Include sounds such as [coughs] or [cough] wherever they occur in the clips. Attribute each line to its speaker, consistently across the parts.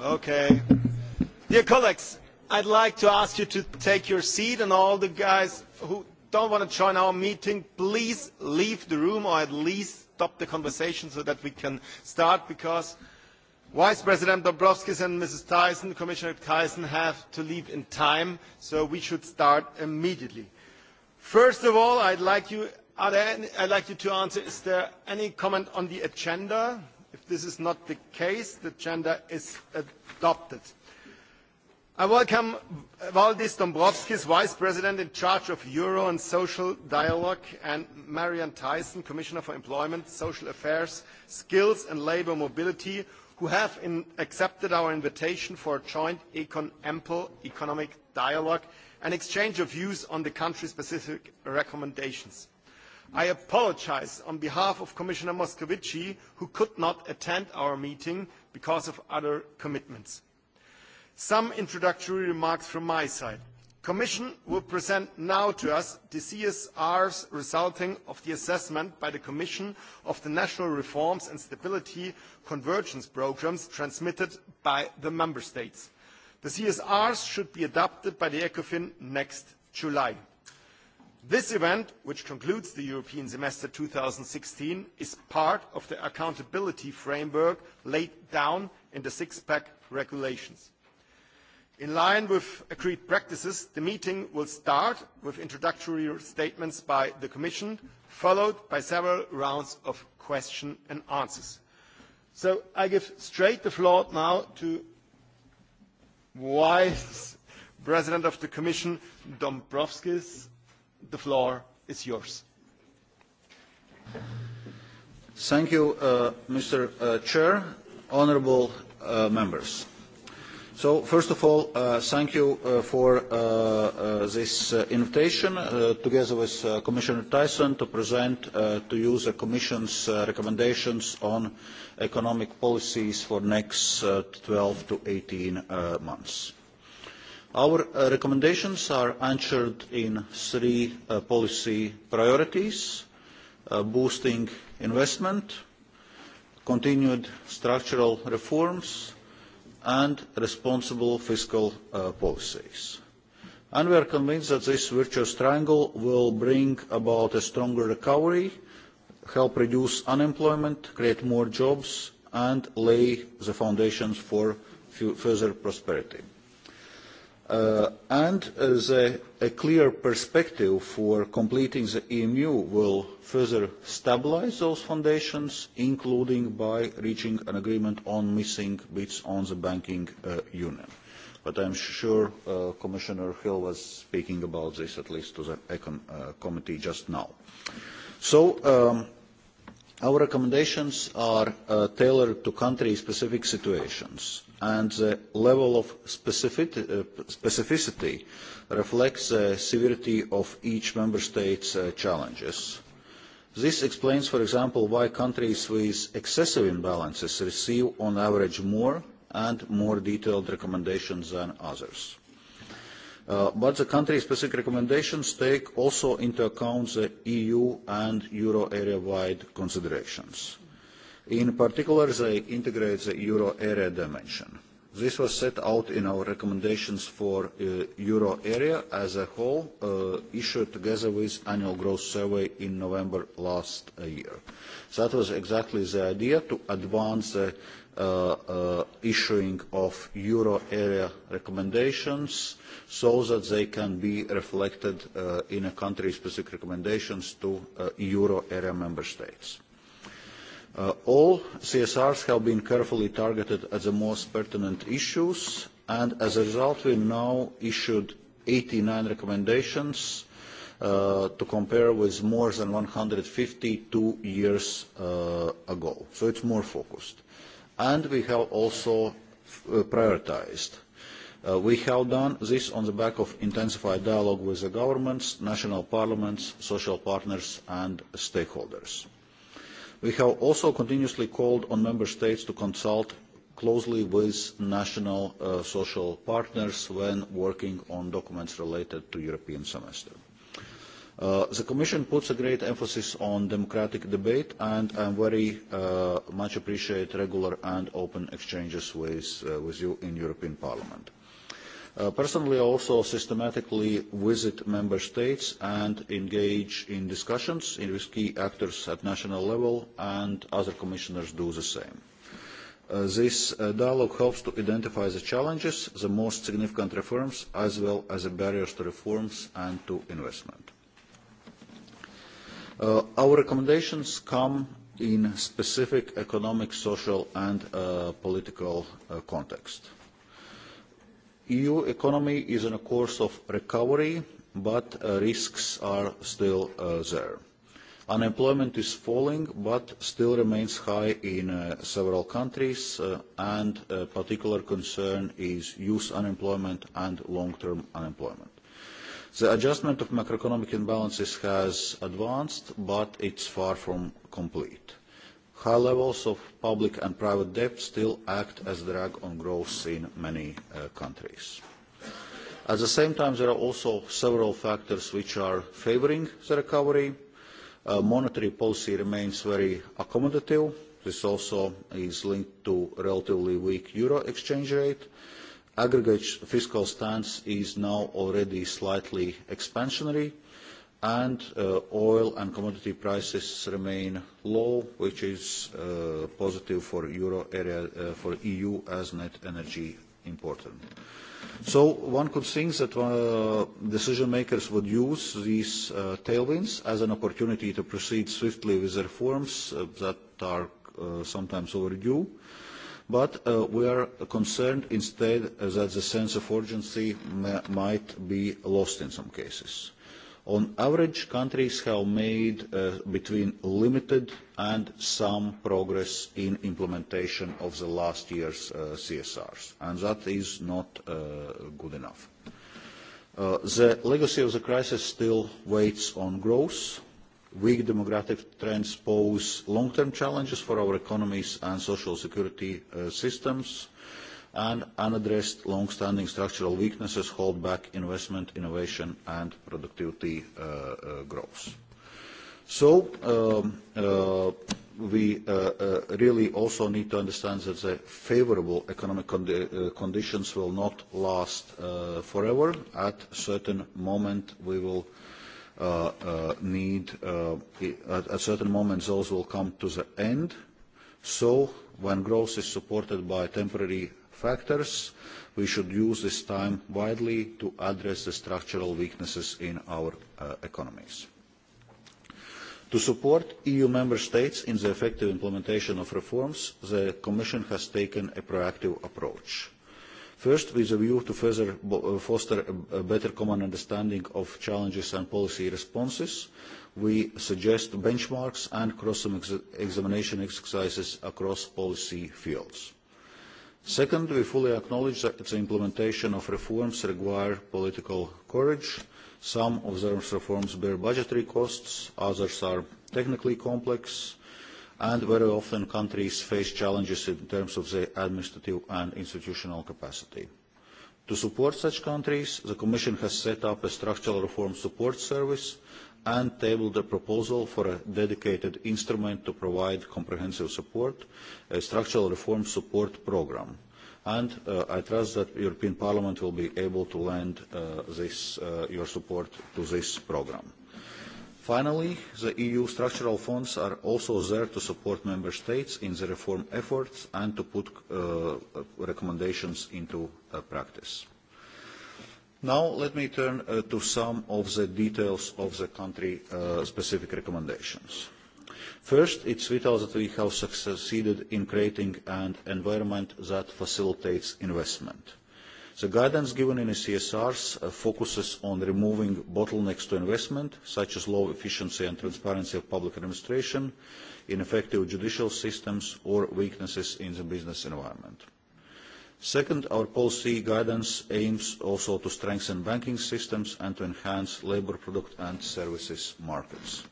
Speaker 1: Okay. Dear colleagues, I'd like to ask you to take your seat and all the guys who don't want to join our meeting, please leave the room or at least stop the conversation so that we can start because Vice President Dombrovskis and Mrs. Tyson, Commissioner Tyson, have to leave in time, so we should start immediately. First of all, I'd like you, are there any, I'd like you to answer, is there any comment on the agenda? this is not the case, the agenda is adopted. I welcome Valdis Dombrovskis, Vice President in charge of Euro and Social Dialogue, and Marian Tyson, Commissioner for Employment, Social Affairs, Skills and Labour Mobility, who have in, accepted our invitation for a joint econ ample economic dialogue and exchange of views on the country-specific recommendations. I apologise on behalf of Commissioner Moscovici, who could not attend our meeting because of other commitments. Some introductory remarks from my side. The Commission will present now to us the CSRs resulting of the assessment by the Commission of the national reforms and stability convergence programmes transmitted by the Member States. The CSRs should be adopted by the ECOFIN next July. This event, which concludes the European Semester sixteen, is part of the accountability framework laid down in the six-pack regulations. In line with agreed practices, the meeting will start with introductory statements by the Commission, followed by several rounds of question and answers. So I give straight the floor now to Vice President of the Commission, Dombrovskis, the floor is yours.
Speaker 2: Thank you, uh, Mr. Uh, Chair, honourable uh, members. So, first of all, uh, thank you uh, for uh, uh, this uh, invitation, uh, together with uh, Commissioner Tyson, to present uh, to you the Commission's uh, recommendations on economic policies for next uh, 12 to 18 uh, months. Our uh, recommendations are anchored in three uh, policy priorities, uh, boosting investment, continued structural reforms, and responsible fiscal uh, policies. And we are convinced that this virtuous triangle will bring about a stronger recovery, help reduce unemployment, create more jobs, and lay the foundations for further prosperity. Uh, and the, a clear perspective for completing the EMU will further stabilise those foundations, including by reaching an agreement on missing bits on the banking uh, union. But I am sure uh, Commissioner Hill was speaking about this, at least to the Econ uh, Committee just now. So um, our recommendations are uh, tailored to country-specific situations and the level of uh, specificity reflects the severity of each member state's uh, challenges. This explains, for example, why countries with excessive imbalances receive on average more and more detailed recommendations than others. Uh, but the country-specific recommendations take also into account the EU and euro area-wide considerations. In particular, they integrate the euro area dimension. This was set out in our recommendations for uh, euro area as a whole, uh, issued together with annual growth survey in November last uh, year. So that was exactly the idea to advance the uh, uh, issuing of euro area recommendations so that they can be reflected uh, in a country-specific recommendations to uh, euro area member states. Uh, all CSRs have been carefully targeted at the most pertinent issues, and as a result, we now issued 89 recommendations uh, to compare with more than 152 two years uh, ago. So it's more focused. And we have also uh, prioritized. Uh, we have done this on the back of intensified dialogue with the governments, national parliaments, social partners, and stakeholders. We have also continuously called on member states to consult closely with national uh, social partners when working on documents related to European semester. Uh, the Commission puts a great emphasis on democratic debate and I very uh, much appreciate regular and open exchanges with, uh, with you in European Parliament. Uh, personally, I also systematically visit member states and engage in discussions with key actors at national level, and other commissioners do the same. Uh, this uh, dialogue helps to identify the challenges, the most significant reforms, as well as the barriers to reforms and to investment. Uh, our recommendations come in specific economic, social and uh, political uh, context. EU economy is on a course of recovery, but uh, risks are still uh, there. Unemployment is falling, but still remains high in uh, several countries, uh, and a uh, particular concern is youth unemployment and long-term unemployment. The adjustment of macroeconomic imbalances has advanced, but it's far from complete. High levels of public and private debt still act as drag on growth in many uh, countries. At the same time, there are also several factors which are favoring the recovery. Uh, monetary policy remains very accommodative. This also is linked to relatively weak euro exchange rate. Aggregate fiscal stance is now already slightly expansionary and uh, oil and commodity prices remain low, which is uh, positive for euro area uh, for EU as net energy important. So one could think that uh, decision makers would use these uh, tailwinds as an opportunity to proceed swiftly with reforms uh, that are uh, sometimes overdue. But uh, we are concerned instead that the sense of urgency might be lost in some cases. On average, countries have made uh, between limited and some progress in implementation of the last year's uh, CSRs, and that is not uh, good enough. Uh, the legacy of the crisis still weighs on growth. Weak demographic trends pose long-term challenges for our economies and social security uh, systems. Uh, and unaddressed long-standing structural weaknesses hold back investment, innovation and productivity uh, uh, growth. So um, uh, we uh, uh, really also need to understand that the favorable economic condi uh, conditions will not last uh, forever. At a certain moment we will uh, uh, need, uh, at, a certain moment, those will come to the end. So when growth is supported by temporary factors, we should use this time widely to address the structural weaknesses in our uh, economies. To support EU member states in the effective implementation of reforms, the Commission has taken a proactive approach. First, with a view to further uh, foster a better common understanding of challenges and policy responses, we suggest benchmarks and cross-examination exercises across policy fields. Second, we fully acknowledge that the implementation of reforms require political courage. Some of those reforms bear budgetary costs, others are technically complex, and very often countries face challenges in terms of their administrative and institutional capacity. To support such countries, the Commission has set up a structural reform support service and tabled a proposal for a dedicated instrument to provide comprehensive support, a structural reform support programme. And uh, I trust that the European Parliament will be able to lend uh, this, uh, your support to this programme. Finally, the EU structural funds are also there to support member states in the reform efforts and to put uh, recommendations into uh, practice. Now let me turn uh, to some of the details of the country-specific uh, recommendations. First, it's vital that we have succeeded in creating an environment that facilitates investment. The guidance given in the CSRs uh, focuses on removing bottlenecks to investment, such as low efficiency and transparency of public administration, ineffective judicial systems, or weaknesses in the business environment. Second, our policy guidance aims also to strengthen banking systems and to enhance labour product and services markets.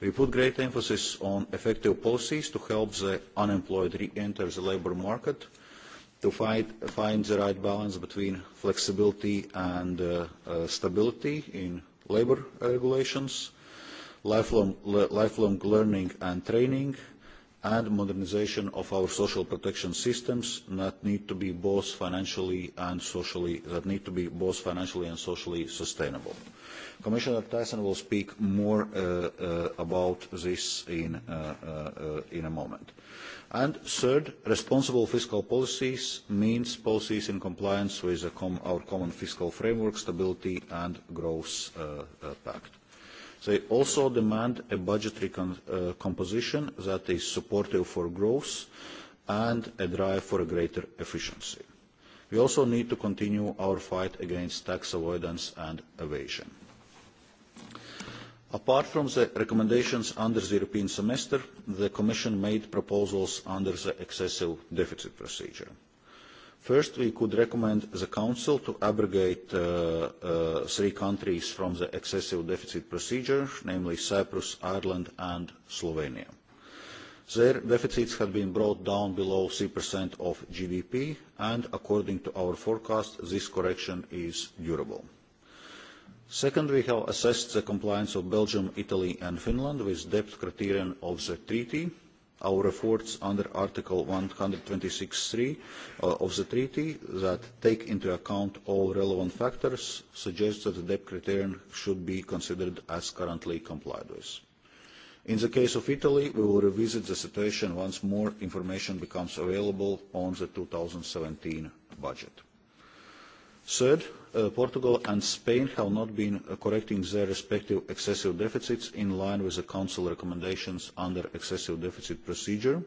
Speaker 2: We put great emphasis on effective policies to help the unemployed re-enter the labour market, to fight, find the right balance between flexibility and uh, uh, stability in labour regulations, lifelong, lifelong learning and training, and modernization of our social protection systems that need to be both financially and socially that need to be both financially and socially sustainable. Commissioner Tyson will speak more uh, uh, about this in, uh, uh, in a moment. And third, responsible fiscal policies means policies in compliance with com our common fiscal framework, stability and growth uh, uh, pact. They also demand a budgetary con uh, composition that is supportive for growth and a drive for a greater efficiency. We also need to continue our fight against tax avoidance and evasion. Apart from the recommendations under the European semester, the Commission made proposals under the excessive deficit procedure. First, we could recommend the Council to abrogate uh, uh, three countries from the excessive deficit procedure, namely Cyprus, Ireland and Slovenia. Their deficits had been brought down below 3% of GDP, and according to our forecast, this correction is durable. Second, we have assessed the compliance of Belgium, Italy and Finland with debt criterion of the treaty our efforts under Article 126.3 uh, of the treaty that take into account all relevant factors suggests that the debt criterion should be considered as currently complied with. In the case of Italy, we will revisit the situation once more information becomes available on the 2017 budget. Third, Uh, Portugal and Spain have not been uh, correcting their respective excessive deficits in line with the Council recommendations under excessive deficit procedure,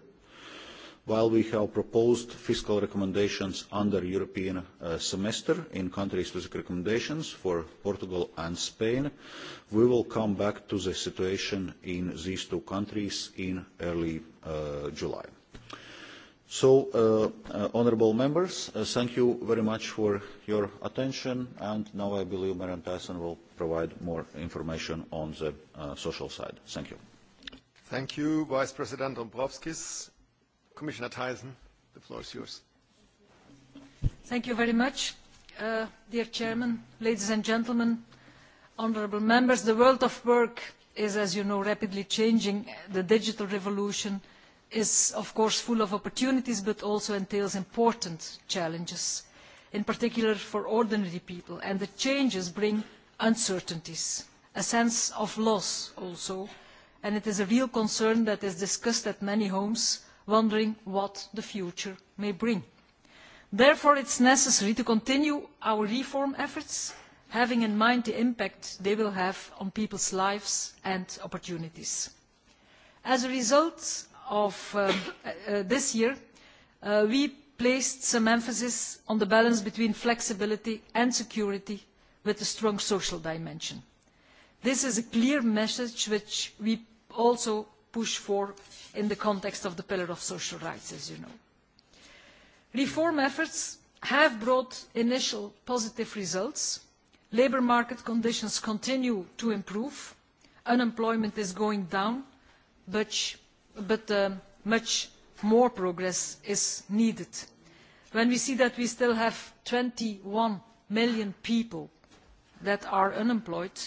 Speaker 2: while we have proposed fiscal recommendations under European uh, semester in country-specific recommendations for Portugal and Spain, we will come back to the situation in these two countries in early uh, July. So, uh, uh, honorable members, uh, thank you very much for your attention. And now I believe Marian Tyson will provide more information on the uh, social side. Thank you.
Speaker 1: Thank you, Vice President Dombrovskis. Commissioner Tyson, the floor is yours.
Speaker 3: Thank you very much, uh, dear Chairman, ladies and gentlemen, honorable members. The world of work is, as you know, rapidly changing. The digital revolution – is of course full of opportunities but also entails important challenges, in particular for ordinary people, and the changes bring uncertainties, a sense of loss also, and it is a real concern that is discussed at many homes, wondering what the future may bring. Therefore, it is necessary to continue our reform efforts, having in mind the impact they will have on people's lives and opportunities. As a result, of uh, uh, uh, this year, uh, we placed some emphasis on the balance between flexibility and security with a strong social dimension. This is a clear message which we also push for in the context of the Pillar of Social Rights, as you know. Reform efforts have brought initial positive results. Labour market conditions continue to improve. Unemployment is going down, but but uh, much more progress is needed. When we see that we still have twenty one million people that are unemployed,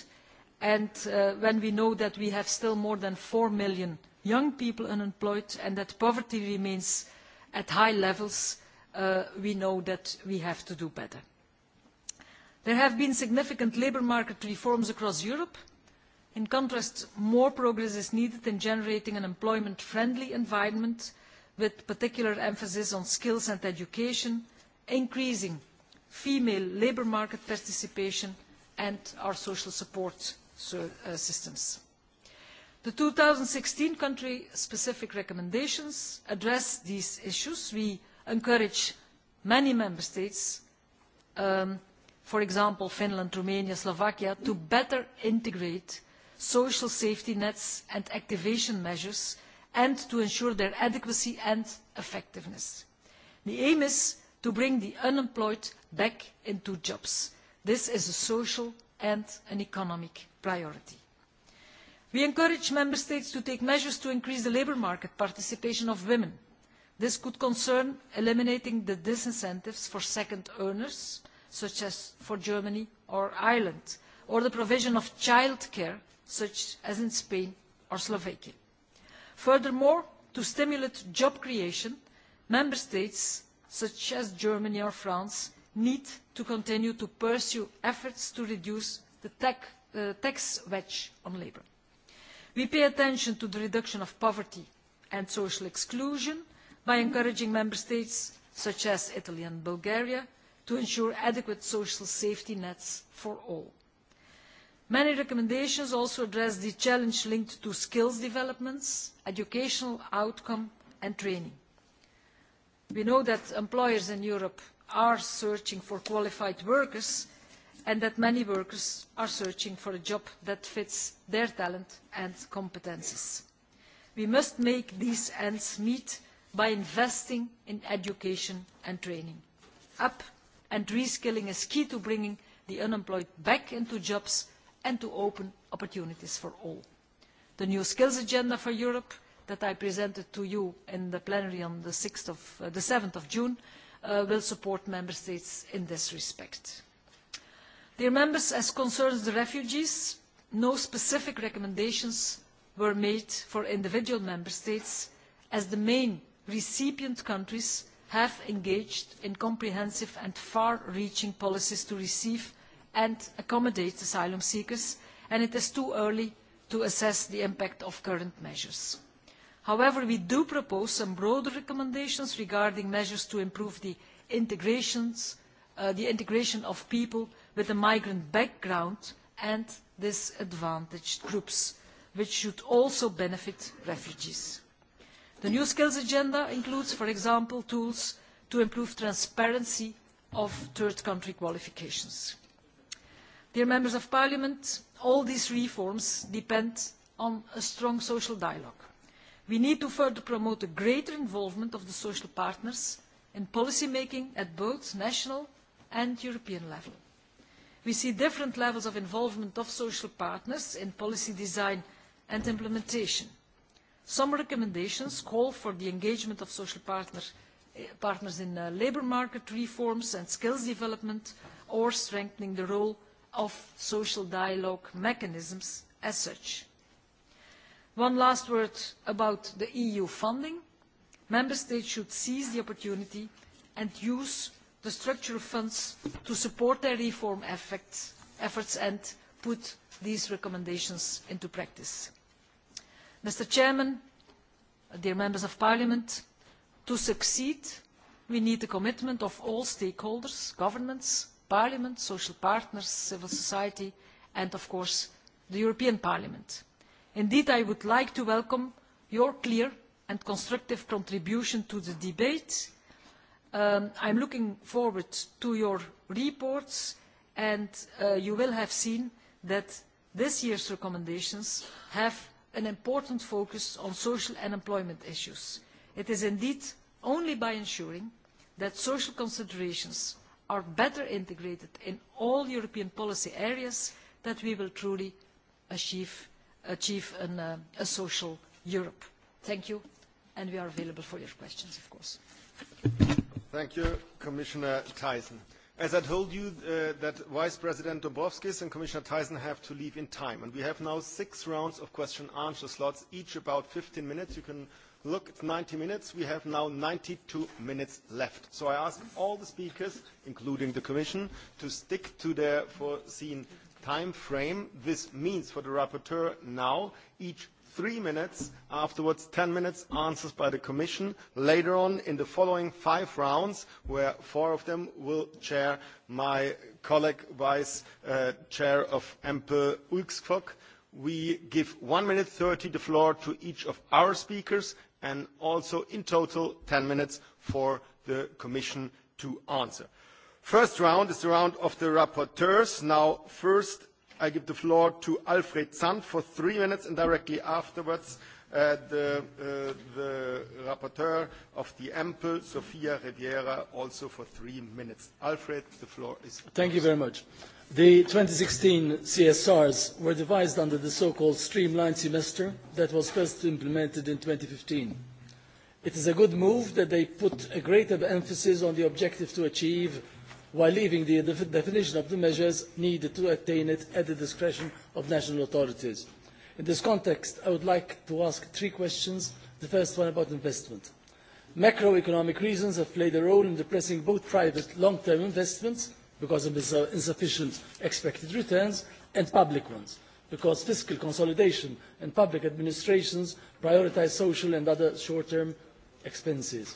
Speaker 3: and uh, when we know that we have still more than four million young people unemployed and that poverty remains at high levels, uh, we know that we have to do better. There have been significant labour market reforms across Europe, In contrast, more progress is needed in generating an employment-friendly environment with particular emphasis on skills and education, increasing female labour market participation and our social support uh, systems. The sixteen country-specific recommendations address these issues. We encourage many member states, um, for example, Finland, Romania, Slovakia, to better integrate social safety nets and activation measures and to ensure their adequacy and effectiveness. The aim is to bring the unemployed back into jobs. This is a social and an economic priority. We encourage Member States to take measures to increase the labour market participation of women. This could concern eliminating the disincentives for second earners, such as for Germany or Ireland, or the provision of childcare such as in Spain or Slovakia. Furthermore, to stimulate job creation, member states such as Germany or France need to continue to pursue efforts to reduce the tech, uh, tax wedge on labour. We pay attention to the reduction of poverty and social exclusion by encouraging member states such as Italy and Bulgaria to ensure adequate social safety nets for all. Many recommendations also address the challenge linked to skills developments, educational outcome and training. We know that employers in Europe are searching for qualified workers and that many workers are searching for a job that fits their talent and competences. We must make these ends meet by investing in education and training. Up and reskilling is key to bringing the unemployed back into jobs and to open opportunities for all. The new skills agenda for Europe that I presented to you in the plenary on the, 6th of, uh, the 7th of June uh, will support Member States in this respect. Dear Members, as concerns the refugees, no specific recommendations were made for individual Member States as the main recipient countries have engaged in comprehensive and far-reaching policies to receive and accommodate asylum seekers, and it is too early to assess the impact of current measures. However, we do propose some broader recommendations regarding measures to improve the, uh, the integration of people with a migrant background and disadvantaged groups, which should also benefit refugees. The New Skills Agenda includes, for example, tools to improve transparency of third country qualifications. Dear Members of Parliament, all these reforms depend on a strong social dialogue. We need to further promote the greater involvement of the social partners in policy making at both national and European level. We see different levels of involvement of social partners in policy design and implementation. Some recommendations call for the engagement of social partner, eh, partners in uh, labour market reforms and skills development or strengthening the role of social dialogue mechanisms as such. One last word about the EU funding. Member States should seize the opportunity and use the structural funds to support their reform efforts and put these recommendations into practice. Mr. Chairman, dear members of parliament, to succeed, we need the commitment of all stakeholders, governments, Parliament, social partners, civil society, and of course the European Parliament. Indeed, I would like to welcome your clear and constructive contribution to the debate. Um, I am looking forward to your reports and uh, you will have seen that this year's recommendations have an important focus on social and employment issues. It is indeed only by ensuring that social considerations are better integrated in all European policy areas that we will truly achieve, achieve an, uh, a social Europe. Thank you, and we are available for your questions, of course.
Speaker 1: Thank you, Commissioner Tyson. As I told you uh, that Vice President Dombrovskis and Commissioner Tyson have to leave in time, and we have now six rounds of question-answer slots, each about 15 minutes. You can look, it's 90 minutes. We have now 92 minutes left. So I ask all the speakers, including the Commission, to stick to their foreseen time frame. This means for the rapporteur now, each three minutes, afterwards 10 minutes answers by the Commission. Later on, in the following five rounds, where four of them will chair my colleague, Vice uh, Chair of EMPE, Ulskvok, we give one minute thirty the floor to each of our speakers and also in total 10 minutes for the Commission to answer. First round is the round of the rapporteurs. Now, first, I give the floor to Alfred Sand for three minutes, and directly afterwards, uh, the, uh, the rapporteur of the EMPL, Sofia Riviera, also for three minutes. Alfred, the floor is yours.
Speaker 4: Thank you very much. The 2016 CSRs were devised under the so-called streamlined semester that was first implemented in 2015. It is a good move that they put a greater emphasis on the objective to achieve while leaving the def definition of the measures needed to attain it at the discretion of national authorities. In this context, I would like to ask three questions, the first one about investment. Macroeconomic reasons have played a role in depressing both private long-term investments – because of insufficient expected returns, and public ones, because fiscal consolidation and public administrations prioritise social and other short-term expenses.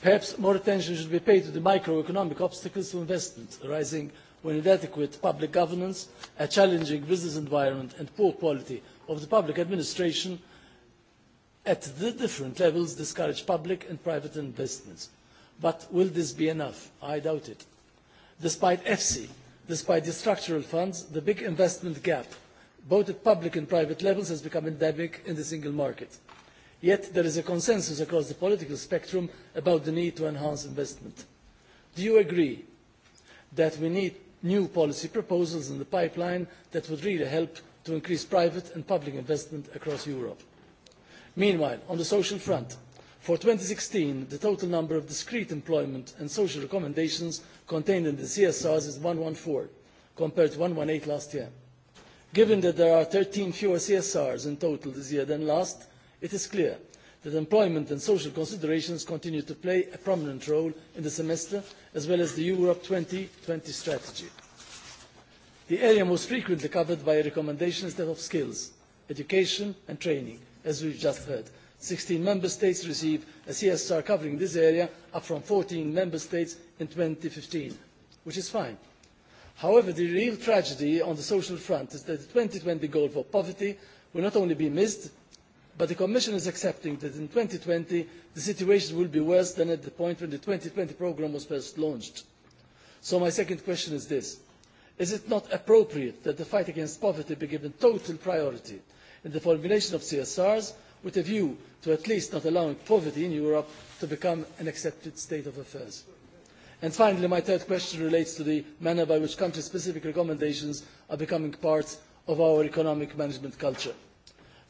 Speaker 4: Perhaps more attention should be paid to the microeconomic obstacles to investment arising when inadequate public governance, a challenging business environment and poor quality of the public administration at the different levels discourage public and private investments. But will this be enough? I doubt it. Despite EFSI, despite the structural funds, the big investment gap, both at public and private levels, has become endemic in the single market. Yet there is a consensus across the political spectrum about the need to enhance investment. Do you agree that we need new policy proposals in the pipeline that would really help to increase private and public investment across Europe? Meanwhile, on the social front, For sixteen the total number of discrete employment and social recommendations contained in the CSRs is one hundred and fourteen, compared to one hundred and eighteen last year. Given that there are thirteen fewer CSRs in total this year than last, it is clear that employment and social considerations continue to play a prominent role in the semester as well as the Europe twenty strategy. The area most frequently covered by a recommendation is that of skills, education and training, as we have just heard, 16 member states receive a CSR covering this area, up from 14 member states in 2015, which is fine. However, the real tragedy on the social front is that the 2020 goal for poverty will not only be missed, but the Commission is accepting that in 2020 the situation will be worse than at the point when the 2020 programme was first launched. So my second question is this. Is it not appropriate that the fight against poverty be given total priority in the formulation of CSRs with a view to at least not allowing poverty in Europe to become an accepted state of affairs. And finally, my third question relates to the manner by which country-specific recommendations are becoming part of our economic management culture.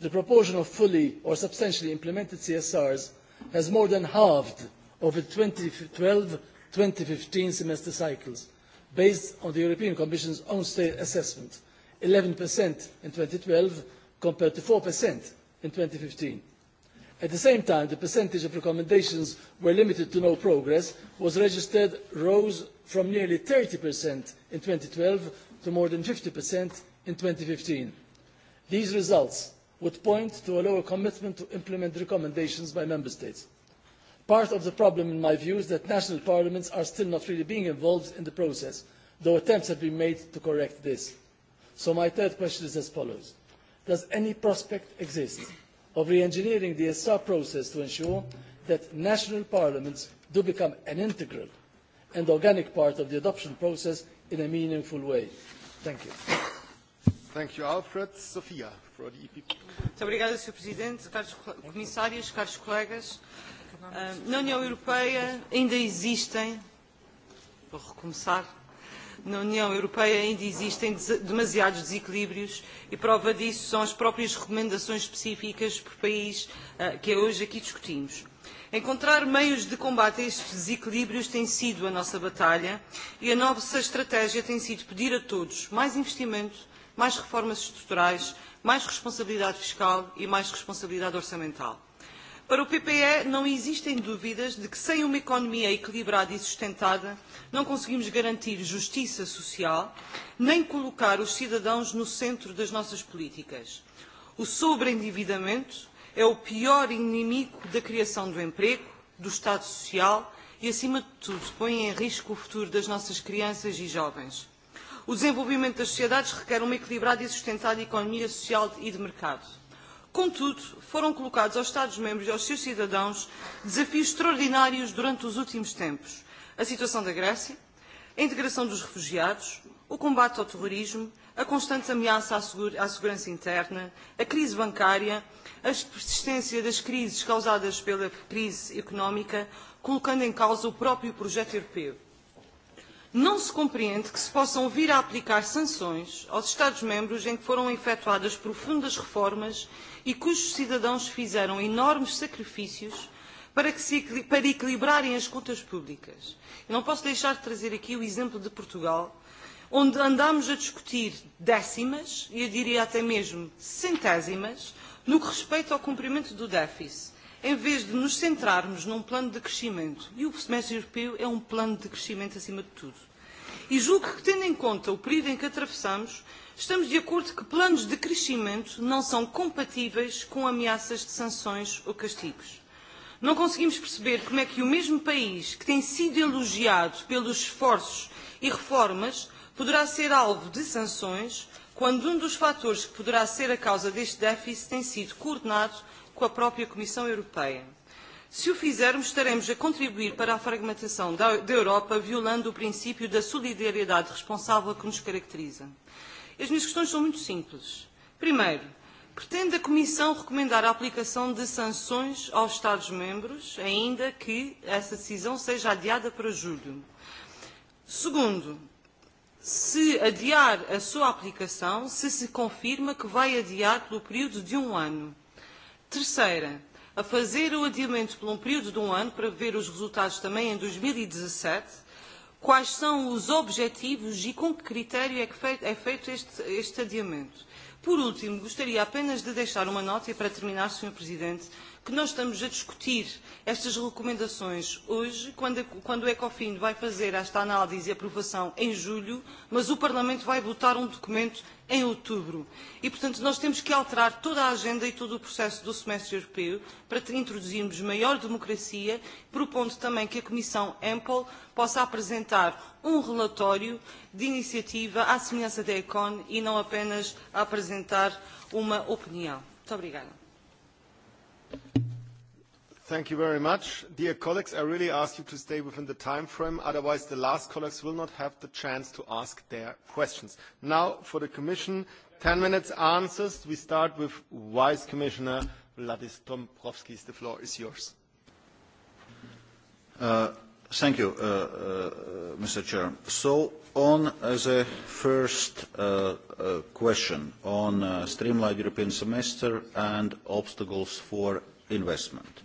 Speaker 4: The proportion of fully or substantially implemented CSRs has more than halved over the 2012-2015 semester cycles, based on the European Commission's own state assessment, 11% in 2012 compared to 4% in 2015. At the same time, the percentage of recommendations were limited to no progress was registered rose from nearly 30% in 2012 to more than 50% in 2015. These results would point to a lower commitment to implement recommendations by Member States. Part of the problem, in my view, is that national parliaments are still not really being involved in the process, though attempts have been made to correct this. So my third question is as follows does any prospect exist of re-engineering the ESR process to ensure that national parliaments do become an integral and organic part of the adoption process in a meaningful way. Thank you. Thank you, Alfred.
Speaker 5: Sofia, for the EPP. Muito obrigada, Sr. Presidente, caros comissários, caros colegas. Eh, na União Europeia ainda existem, vou recomeçar, na União Europeia ainda existem demasiados desequilíbrios e prova disso são as próprias recomendações específicas por país ah, que hoje aqui discutimos. Encontrar meios de combate a estes desequilíbrios tem sido a nossa batalha e a nossa estratégia tem sido pedir a todos mais investimento, mais reformas estruturais, mais responsabilidade fiscal e mais responsabilidade orçamental. Para o PPE, não existem dúvidas de que sem uma economia equilibrada e sustentada não conseguimos garantir justiça social nem colocar os cidadãos no centro das nossas políticas. O sobreendividamento é o pior inimigo da criação do emprego, do Estado Social e, acima de tudo, põe em risco o futuro das nossas crianças e jovens. O desenvolvimento das sociedades requer uma equilibrada e sustentada economia social e de mercado. Contudo, foram colocados aos Estados-membros e aos seus cidadãos desafios extraordinários durante os últimos tempos. A situação da Grécia, a integração dos refugiados, o combate ao terrorismo, a constante ameaça à, segura, à segurança interna, a crise bancária, a persistência das crises causadas pela crise económica, colocando em causa o próprio projeto europeu. Não se compreende que se possam vir a aplicar sanções aos Estados-membros em que foram efetuadas profundas reformas e cujos cidadãos fizeram enormes sacrifícios para, que se, para equilibrarem as contas públicas. Eu não posso deixar de trazer aqui o exemplo de Portugal, onde andámos a discutir décimas, e eu diria até mesmo centésimas, no que respeita ao cumprimento do déficit em vez de nos centrarmos num plano de crescimento. E o semestre europeu é um plano de crescimento acima de tudo. E julgo que, tendo em conta o período em que atravessamos, estamos de acordo que planos de crescimento não são compatíveis com ameaças de sanções ou castigos. Não conseguimos perceber como é que o mesmo país que tem sido elogiado pelos esforços e reformas poderá ser alvo de sanções quando um dos fatores que poderá ser a causa deste déficit tem sido coordenado com a própria Comissão Europeia. Se o fizermos, estaremos a contribuir para a fragmentação da, da Europa, violando o princípio da solidariedade responsável que nos caracteriza. As minhas questões são muito simples. Primeiro, pretende a Comissão recomendar a aplicação de sanções aos Estados-membros, ainda que essa decisão seja adiada para julho? Segundo, se adiar a sua aplicação, se se confirma que vai adiar pelo período de um ano, Terceira, a fazer o adiamento por um período de um ano para ver os resultados também em 2017. E quais são os objetivos e com que critério é, que feito, é feito este, este adiamento? Por último, gostaria apenas de deixar uma nota e para terminar, Sr. Presidente, uh, que nós estamos a discutir estas recomendações hoje, quando, quando o Ecofin vai fazer esta análise e aprovação em julho, mas o Parlamento vai votar um documento em outubro. E, portanto, nós temos que alterar toda a agenda e todo o processo do semestre europeu para introduzirmos maior democracia, propondo também que a Comissão Ample possa apresentar um relatório de iniciativa à semelhança da ECON e não apenas apresentar uma opinião. Muito obrigada.
Speaker 1: Thank you very much. Dear colleagues, I really ask you to stay within the time frame, otherwise the last colleagues will not have the chance to ask their questions. Now for the Commission, 10 minutes answers. We start with Vice Commissioner Vladis Dombrovskis. The floor is yours.
Speaker 2: Uh, Thank you, uh, uh, Mr. Chair. So, on as a first uh, uh, question on uh, streamlined European semester and obstacles for investment.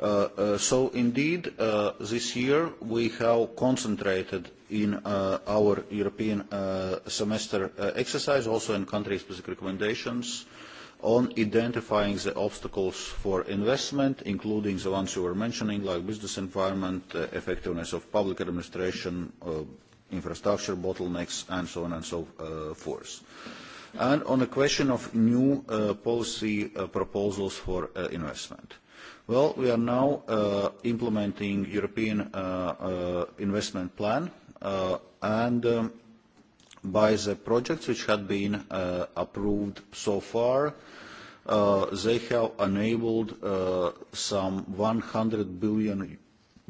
Speaker 2: Uh, uh, so indeed, uh, this year we have concentrated in uh, our European uh, semester uh, exercise, also in country-specific recommendations, uh, on identifying the obstacles for investment, including the ones you were mentioning, like business environment, uh, effectiveness of public administration, uh, infrastructure bottlenecks, and so on and so uh, forth. And on the question of new uh, policy uh, proposals for uh, investment. Well, we are now uh, implementing European uh, uh, investment plan, uh, and um, by the projects which had been uh, approved so far. Uh, they have enabled uh, some 100 billion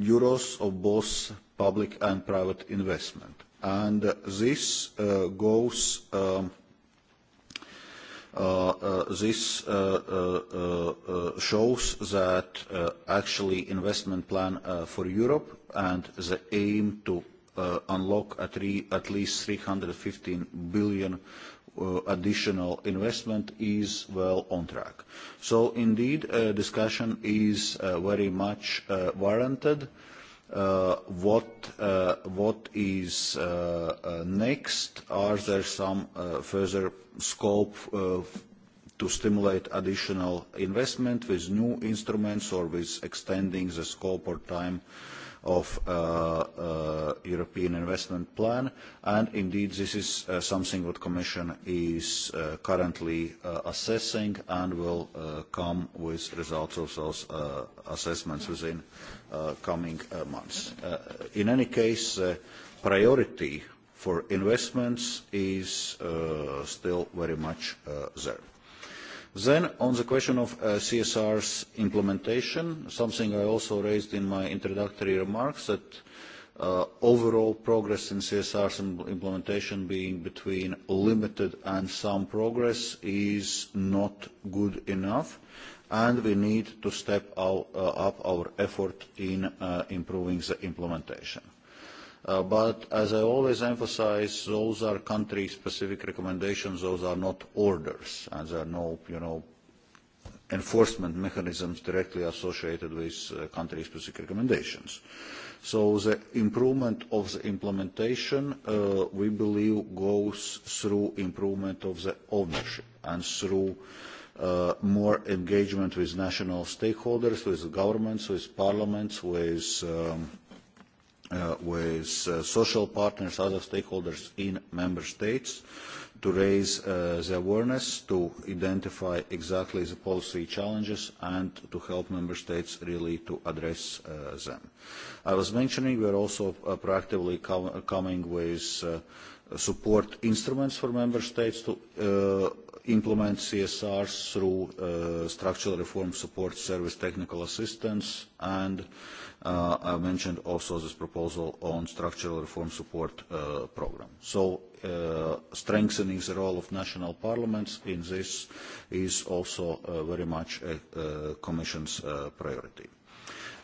Speaker 2: euros of both public and private investment. And this uh, goes, um, uh, uh, this uh, uh, uh, uh shows that uh, actually investment plan uh, for Europe and the aim to uh, unlock at, three at least 315 billion uh, additional investment is well on track. So indeed, uh, discussion is uh, very much uh, warranted. Uh, what, uh, what is uh, uh, next? Are there some uh, further scope uh, to stimulate additional investment with new instruments or with extending the scope or time uh, of uh, uh, European investment plan and indeed this is uh, something what Commission is uh, currently uh, assessing and will uh, come with results of those uh, assessments within uh, coming uh, months. Uh, in any case, uh, priority for investments is uh, still very much uh, there. Then on the question of uh, CSR's implementation, something I also raised in my introductory remarks that uh, overall progress in CSR's implementation being between limited and some progress is not good enough and we need to step uh, up our effort in uh, improving the implementation. Uh, but as I always emphasize, those are country-specific recommendations. Those are not orders, and there are no, you know, enforcement mechanisms directly associated with uh, country-specific recommendations. So the improvement of the implementation, uh, we believe, goes through improvement of the ownership and through uh, more engagement with national stakeholders, with governments, with parliaments, with um, uh, with uh, social partners, other stakeholders in member states to raise uh, the awareness, to identify exactly the policy challenges and to help member states really to address uh, them. I was mentioning we are also uh, proactively com coming with uh, support instruments for member states to uh, implement CSRs through uh, structural reform support service technical assistance and uh, Uh, I mentioned also this proposal on structural reform support uh, program. So uh, strengthening the role of national parliaments in this is also uh, very much a, a uh, Commission's uh, priority.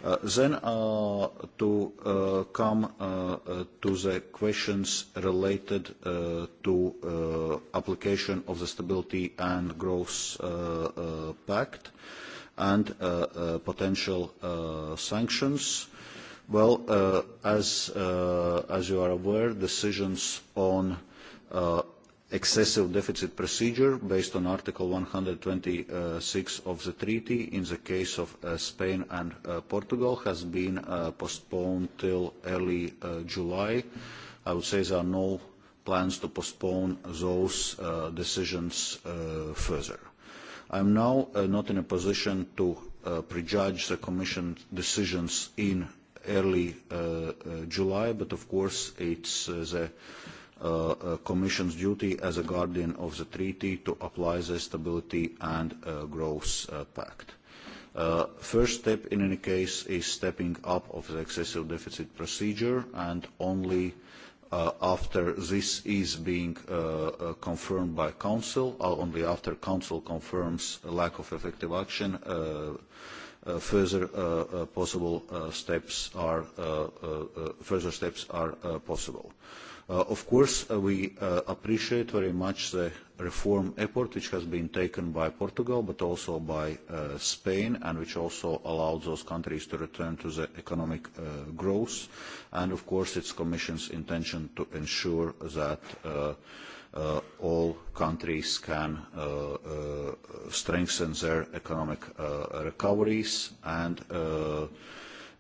Speaker 2: Uh, then uh, to uh, come uh, uh, to the questions related uh, to uh, application of the Stability and Growth uh, uh, Pact. Uh, and uh, uh, potential uh, sanctions. Well, uh, as, uh, as you are aware, decisions on uh, excessive deficit procedure based on Article 126 of the treaty in the case of uh, Spain and uh, Portugal has been uh, postponed till early uh, July. I would say there are no plans to postpone those uh, decisions uh, further. I am now uh, not in a position to uh, prejudge the Commission decisions in early uh, uh, July, but of course it's uh, the uh, uh, Commission's duty as a guardian of the treaty to apply the Stability and uh, Growth uh, Pact. Uh, first step in any case is stepping up of the excessive deficit procedure and only uh, after this is being uh, uh, confirmed by Council, or only after Council confirms a lack of effective action, uh, uh, further uh, uh, possible uh, steps are, uh, uh, uh, further steps are uh, possible. Uh, Uh, of course, uh, we uh, appreciate very much the reform effort which has been taken by Portugal but also by uh, Spain and which also allowed those countries to return to the economic uh, growth and of course it's Commission's intention to ensure that uh, uh, all countries can uh, uh, strengthen their economic uh, recoveries and uh, uh,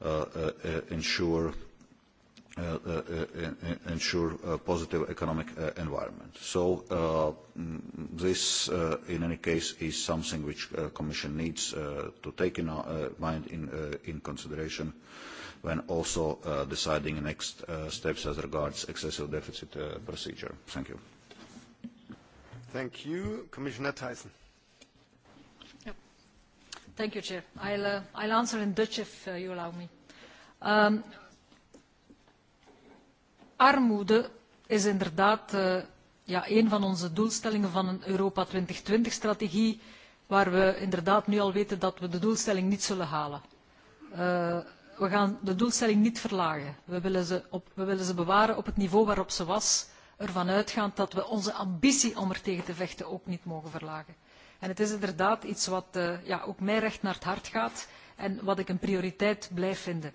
Speaker 2: uh, ensure Uh, uh, uh, ensure a positive economic uh, environment. So uh, mm, this, uh, in any case, is something which the uh, Commission needs uh, to take in uh, mind in, uh, in consideration when also uh, deciding next uh, steps as regards excessive deficit uh, procedure. Thank you. Thank you. Commissioner Tyson.
Speaker 3: Thank you, Chair. I'll, uh, I'll answer in Dutch if uh, you allow me. Um, armoede is inderdaad uh, ja, een van onze doelstellingen van een Europa 2020-strategie, waar we inderdaad nu al weten dat we de doelstelling niet zullen halen. Uh, we gaan de doelstelling niet verlagen. We willen, ze op, we willen ze bewaren op het niveau waarop ze was, ervan uitgaand dat we onze ambitie om er tegen te vechten ook niet mogen verlagen. En het is inderdaad iets wat uh, ja, ook mij recht naar het hart gaat en wat ik een prioriteit blijf vinden.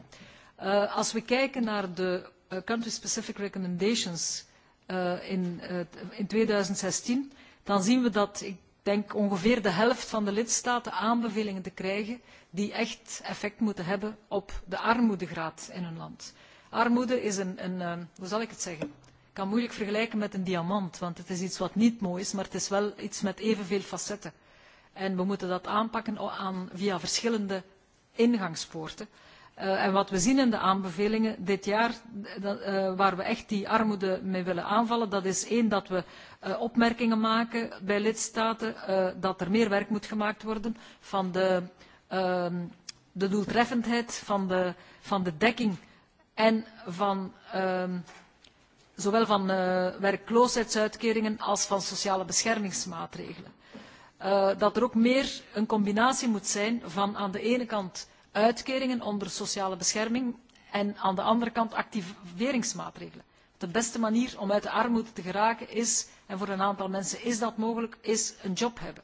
Speaker 3: Uh, als we kijken naar de Uh, country-specific recommendations uh, in, uh, in 2016, dan zien we dat, ik denk ongeveer de helft van de lidstaten aanbevelingen te krijgen die echt effect moeten hebben op de armoedegraad in hun land. Armoede is een, een eh, hoe zal ik het zeggen, ik kan moeilijk vergelijken met een diamant, want het is iets wat niet mooi is, maar het is wel iets met evenveel facetten. En we moeten dat aanpakken aan, via verschillende ingangspoorten. Uh, en wat we zien in de aanbevelingen dit jaar, eh, dat, uh, waar we echt die armoede mee willen aanvallen, dat is één dat we uh, opmerkingen maken bij lidstaten, uh, dat er meer werk moet gemaakt worden van de, uh, de doeltreffendheid, van de, van de dekking en van uh, zowel van uh, werkloosheidsuitkeringen als van sociale beschermingsmaatregelen. Uh, dat er ook meer een combinatie moet zijn van aan de ene kant uitkeringen onder sociale bescherming en aan de andere kant activeringsmaatregelen. De beste manier om uit de armoede te geraken is, en voor een aantal mensen is dat mogelijk, is een job hebben.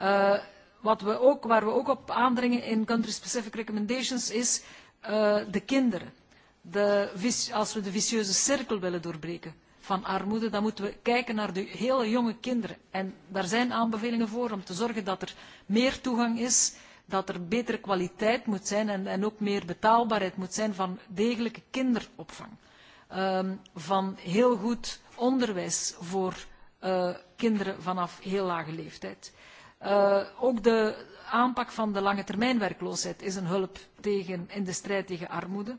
Speaker 3: Uh, wat we ook, waar we ook op aandringen in country-specific recommendations is uh, de kinderen. De, als we de vicieuze cirkel willen doorbreken van armoede, dan moeten we kijken naar de hele jonge kinderen. En daar zijn aanbevelingen voor om te zorgen dat er meer toegang is dat er betere kwaliteit moet zijn en, en ook meer betaalbaarheid moet zijn van degelijke kinderopvang. Um, van heel goed onderwijs voor uh, kinderen vanaf heel lage leeftijd. Uh, ook de aanpak van de lange termijn werkloosheid is een hulp tegen, in de strijd tegen armoede.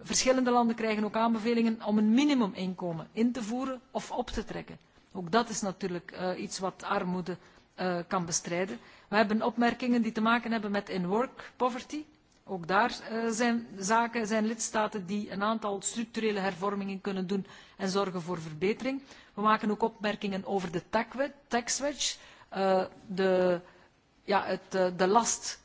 Speaker 3: Verschillende landen krijgen ook aanbevelingen om een minimuminkomen in te voeren of op te trekken. Ook dat is natuurlijk uh, iets wat armoede uh, kan bestrijden. We hebben opmerkingen die te maken hebben met in-work poverty. Ook daar uh, zijn zaken, zijn lidstaten die een aantal structurele hervormingen kunnen doen en zorgen voor verbetering. We maken ook opmerkingen over de tax wedge, uh, de, ja, het, uh, de last,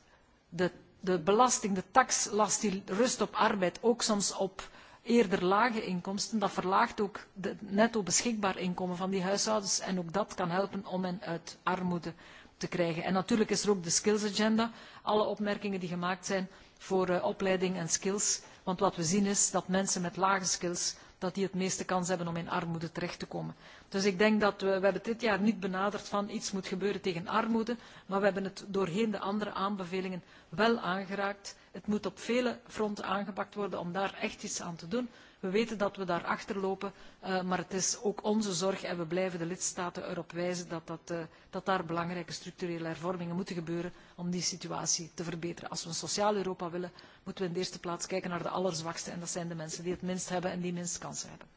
Speaker 3: de, de belasting, de taxlast die rust op arbeid, ook soms op eerder lage inkomsten. Dat verlaagt ook het netto beschikbaar inkomen van die huishoudens en ook dat kan helpen om hen uit armoede te krijgen. En natuurlijk is er ook de skills agenda, alle opmerkingen die gemaakt zijn voor uh, opleiding en skills. Want wat we zien is dat mensen met lage skills dat die het meeste kans hebben om in armoede terecht te komen. Dus ik denk dat we, we hebben dit jaar niet benaderd van iets moet gebeuren tegen armoede, maar we hebben het doorheen de andere aanbevelingen wel aangeraakt. Het moet op vele fronten aangepakt worden om daar echt iets aan te doen. We weten dat we daar achterlopen, lopen, eh, maar het is ook onze zorg en we blijven de lidstaten erop wijzen dat, dat, eh, dat daar belangrijke structurele hervormingen moeten gebeuren om die situatie te verbeteren. Als we een sociaal Europa willen, moeten we in de eerste plaats kijken naar de allerzwaksten en dat zijn de mensen die het minst hebben en die minst kansen hebben.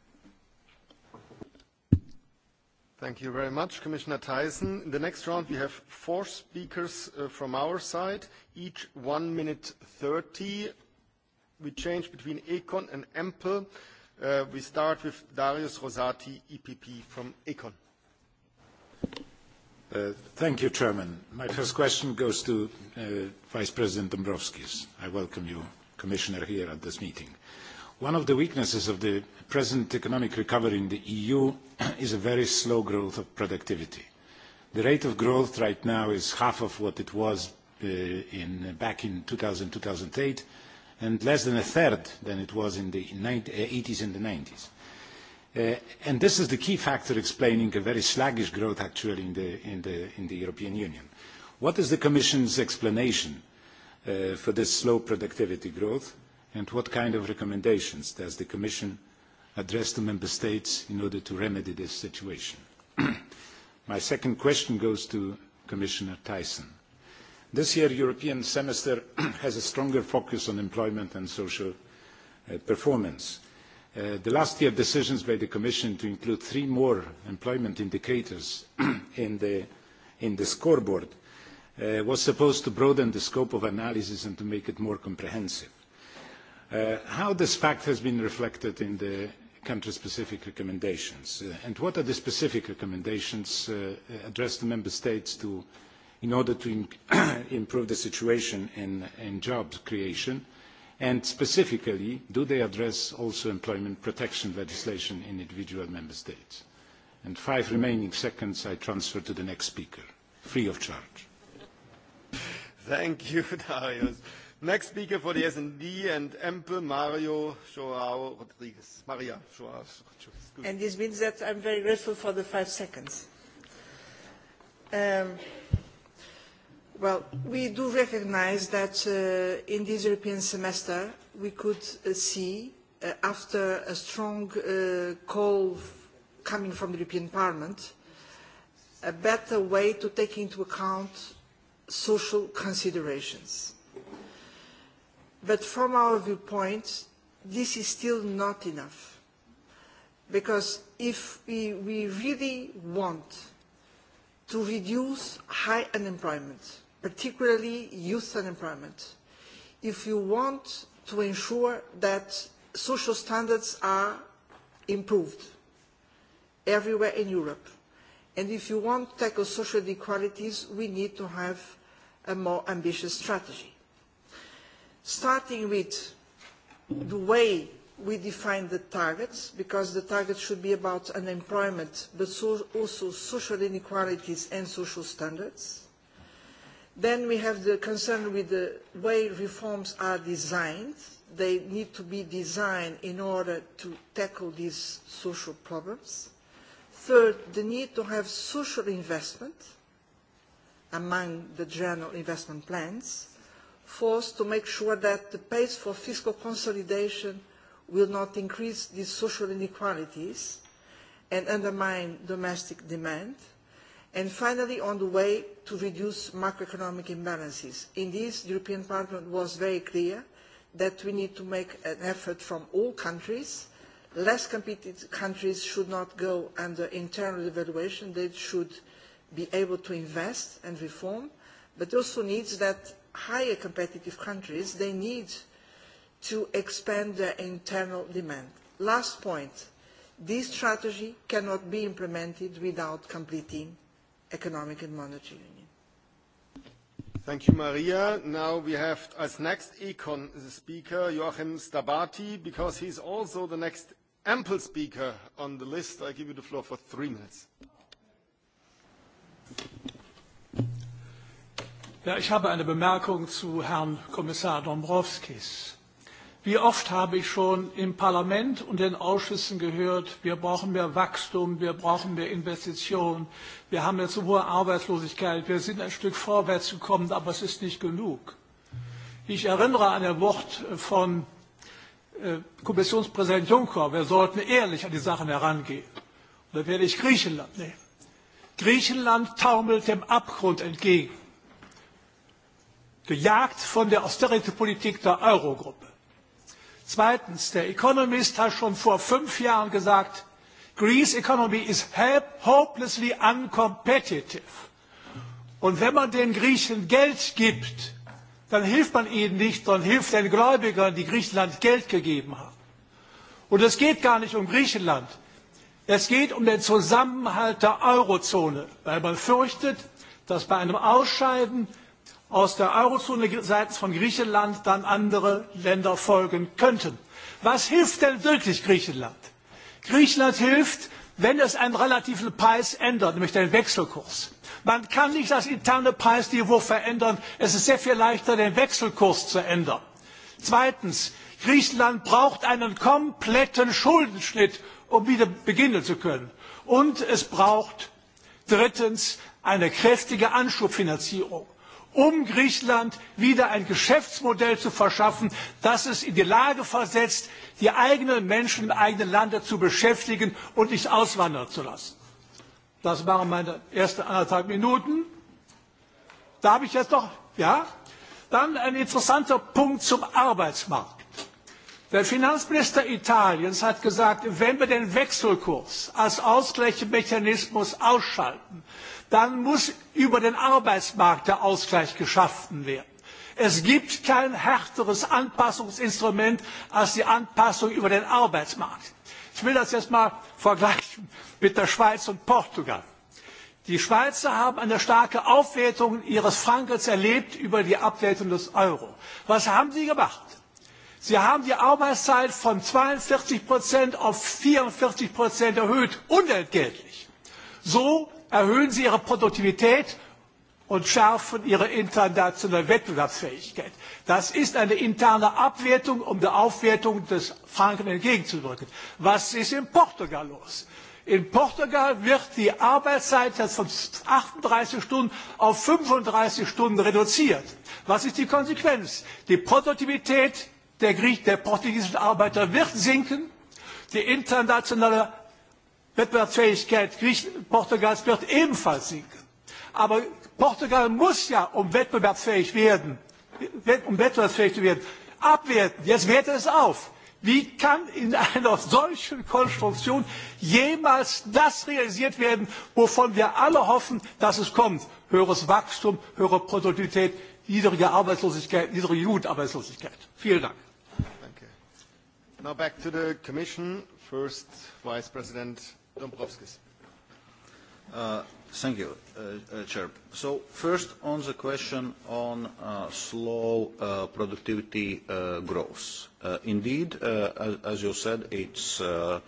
Speaker 1: Thank you very much, Commissioner Tyson. In the next round, we have four speakers uh, from our side, each one minute 30 we change between Econ and Ampel. Uh, we start with Darius Rosati, EPP from Econ.
Speaker 6: Uh, thank you, Chairman. My first question goes to uh, Vice President Dombrovskis. I welcome you, Commissioner, here at this meeting. One of the weaknesses of the present economic recovery in the EU [clears throat] is a very slow growth of productivity. The rate of growth right now is half of what it was uh, in, back in 2000, 2008, and less than a third than it was in the 80s uh, and the 90s. Uh, and this is the key factor explaining a very sluggish growth actually in the, in the, in the European Union. What is the Commission's explanation uh, for this slow productivity growth and what kind of recommendations does the Commission address to Member States in order to remedy this situation? [clears throat] My second question goes to Commissioner Tyson. This year, European semester [clears throat] has a stronger focus on employment and social uh, performance. Uh, the last year decisions by the Commission to include three more employment indicators [clears throat] in, the, in the scoreboard uh, was supposed to broaden the scope of analysis and to make it more comprehensive. Uh, how this fact has been reflected in the country-specific recommendations, uh, and what are the specific recommendations uh, addressed to member states to in order to [coughs] improve the situation in, in job creation? And specifically, do they address also employment protection legislation in individual member states? And five remaining seconds I transfer to the next speaker, free of charge.
Speaker 1: Thank you, [laughs] Darius. Next speaker for the S&D and Empel, Mario Joao Rodriguez. Maria Joao.
Speaker 7: And this means that I'm very grateful for the five seconds. Um, Well, we do recognize that uh, in this European semester we could uh, see, uh, after a strong uh, call coming from the European Parliament, a better way to take into account social considerations. But from our viewpoint, this is still not enough. Because if we, we really want to reduce high unemployment, particularly youth unemployment. If you want to ensure that social standards are improved everywhere in Europe, and if you want to tackle social inequalities, we need to have a more ambitious strategy. Starting with the way we define the targets, because the targets should be about unemployment, but so, also social inequalities and social standards Then we have the concern with the way reforms are designed. They need to be designed in order to tackle these social problems. Third, the need to have social investment among the general investment plans. Fourth, to make sure that the pace for fiscal consolidation will not increase these social inequalities and undermine domestic demand. And finally, on the way to reduce macroeconomic imbalances. In this, the European Parliament was very clear that we need to make an effort from all countries. Less competitive countries should not go under internal evaluation. They should be able to invest and reform, but also needs that higher competitive countries, they need to expand their internal demand. Last point, this strategy cannot be implemented without completing Economic and Monetary Union.
Speaker 1: Thank you, Maria. Now we have as next econ speaker Joachim Stabati, because he's also the next ample speaker on the list. I give you the floor for three minutes.
Speaker 8: Ja, ich habe eine Bemerkung zu Herrn Kommissar Dombrovskis. Wie oft habe ich schon im Parlament und den Ausschüssen gehört, wir brauchen mehr Wachstum, wir brauchen mehr Investitionen, wir haben jetzt so hohe Arbeitslosigkeit, wir sind ein Stück vorwärts gekommen, aber es ist nicht genug. Ich erinnere an ein Wort von äh, Kommissionspräsident Juncker, wir sollten ehrlich an die Sachen herangehen. Und da werde ich Griechenland nehmen. Griechenland taumelt dem Abgrund entgegen, gejagt von der Austeritätspolitik der Eurogruppe. Zweitens, der Economist hat schon vor fünf Jahren gesagt, Greece economy is hopelessly uncompetitive. Und wenn man den Griechen Geld gibt, dann hilft man ihnen nicht, sondern hilft den Gläubigern, die Griechenland Geld gegeben haben. Und es geht gar nicht um Griechenland. Es geht um den Zusammenhalt der Eurozone, weil man fürchtet, dass bei einem Ausscheiden aus der Eurozone seitens von Griechenland dann andere Länder folgen könnten. Was hilft denn wirklich Griechenland? Griechenland hilft, wenn es einen relativen Preis ändert, nämlich den Wechselkurs. Man kann nicht das interne Preisniveau verändern. Es ist sehr viel leichter, den Wechselkurs zu ändern. Zweitens, Griechenland braucht einen kompletten Schuldenschnitt, um wieder beginnen zu können. Und es braucht drittens eine kräftige Anschubfinanzierung um Griechenland wieder ein Geschäftsmodell zu verschaffen, das es in die Lage versetzt, die eigenen Menschen im eigenen Lande zu beschäftigen und nicht auswandern zu lassen. Das waren meine ersten anderthalb Minuten. Da habe ich jetzt noch, ja, dann ein interessanter Punkt zum Arbeitsmarkt. Der Finanzminister Italiens hat gesagt, wenn wir den Wechselkurs als Ausgleichsmechanismus ausschalten, dann muss über den Arbeitsmarkt der Ausgleich geschaffen werden. Es gibt kein härteres Anpassungsinstrument als die Anpassung über den Arbeitsmarkt. Ich will das jetzt mal vergleichen mit der Schweiz und Portugal. Die Schweizer haben eine starke Aufwertung ihres Frankens erlebt über die Abwertung des Euro. Was haben sie gemacht? Sie haben die Arbeitszeit von 42 Prozent auf 44 Prozent erhöht, unentgeltlich. So erhöhen sie ihre Produktivität und schärfen ihre internationale Wettbewerbsfähigkeit. Das ist eine interne Abwertung, um der Aufwertung des Franken entgegenzuwirken. Was ist in Portugal los? In Portugal wird die Arbeitszeit jetzt von 38 Stunden auf 35 Stunden reduziert. Was ist die Konsequenz? Die Produktivität der, Griech, der portugiesischen Arbeiter wird sinken, die internationale Wettbewerbsfähigkeit Portugals wird ebenfalls sinken. Aber Portugal muss ja, um wettbewerbsfähig, werden, um wettbewerbsfähig zu werden, abwerten. Jetzt wertet es auf. Wie kann in einer solchen Konstruktion jemals das realisiert werden, wovon wir alle hoffen, dass es kommt? Höheres Wachstum, höhere Produktivität, niedrige Arbeitslosigkeit, niedrige Jugendarbeitslosigkeit. Vielen Dank.
Speaker 1: Danke. Now back to the Commission. First Vice President Dombrovskis.
Speaker 2: Uh, thank you, uh, uh, Chair. So first on the question on uh, slow uh, productivity uh, growth. Uh, indeed, uh, as, as you said, it's uh,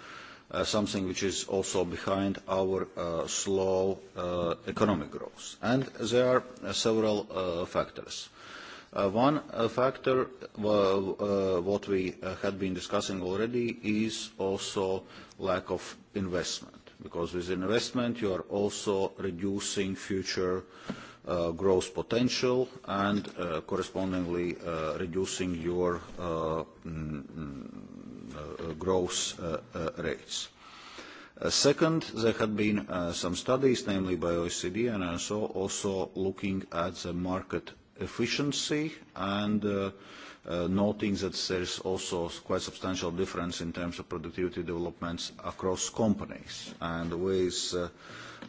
Speaker 2: uh, something which is also behind our uh, slow uh, economic growth. And there are uh, several uh, factors. Uh, one uh, factor uh, uh, what we uh, had been discussing already is also lack of investment. Because with investment, you are also reducing future uh, growth potential and uh, correspondingly uh, reducing your uh, mm, mm uh, uh, growth uh, uh, rates. Uh, second, there had been uh, some studies, namely by OECD and also, also looking at the market efficiency and uh, uh, noting that there is also quite substantial difference in terms of productivity developments across companies and with uh,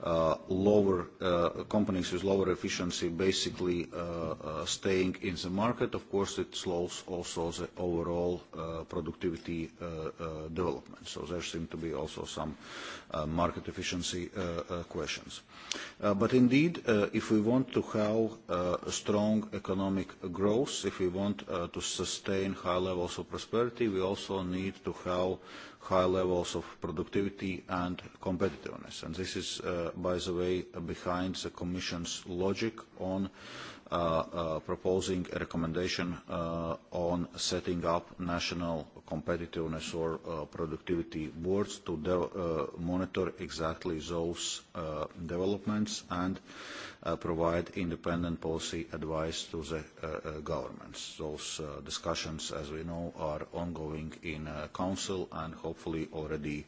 Speaker 2: uh, lower uh, companies with lower efficiency basically uh, uh, staying in the market. Of course, it slows also the overall uh, productivity uh, uh, development. So there seem to be also some uh, market efficiency uh, uh, questions. Uh, but indeed, uh, if we want to have uh, a strong economic growth, if we want uh, to sustain high levels of prosperity, we also need to have high levels of productivity and competitiveness. And this is, uh, by the way, behind the Commission's logic on uh, uh, proposing a recommendation uh, on setting up national competitiveness or uh, productivity boards to de uh, monitor exactly those uh, developments and uh, uh, provide independent policy advice to the uh, uh, governments. Those uh, discussions, as we know, are ongoing in uh, Council and hopefully already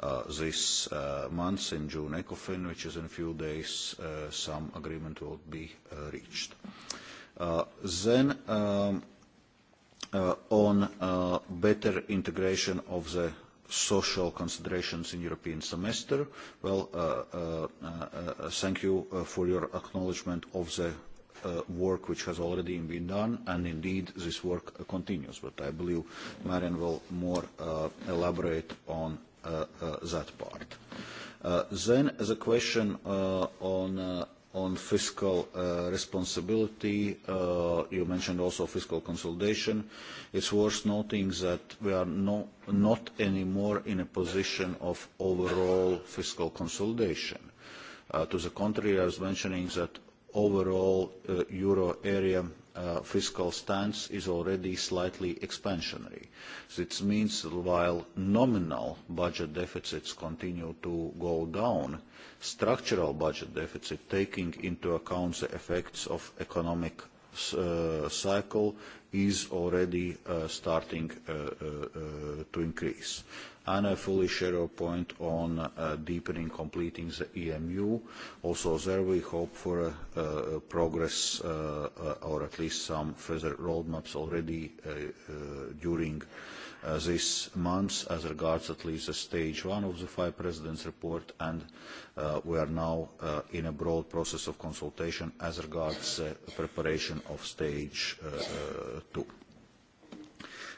Speaker 2: uh, this uh, month in June ECOFIN, which is in a few days, uh, some agreement will be uh, reached. Uh, then um, uh, on uh, better integration of the social considerations in European semester. Well, uh, uh, uh, uh, thank you uh, for your acknowledgement of the uh, work which has already been done, and indeed this work uh, continues. But I believe Marian will more uh, elaborate on uh, uh, that part. Uh, then the question uh, on uh, on fiscal uh, responsibility. Uh, you mentioned also fiscal consolidation. It's worth noting that we are no, not anymore in a position of overall fiscal consolidation. Uh, to the contrary, I was mentioning that overall euro area uh, fiscal stance is already slightly expansionary. This means that while nominal budget deficits continue to go down, structural budget deficit, taking into account the effects of economic uh, cycle is already uh, starting uh, uh, uh, to increase. And I fully share your point on uh, deepening, completing the EMU. Also there we hope for uh, uh, progress uh, uh, or at least some further roadmaps already uh, uh, during uh, uh, this month as regards at least the stage one of the five presidents report and uh, we are now uh, in a broad process of consultation as regards uh, preparation of stage uh, uh, two.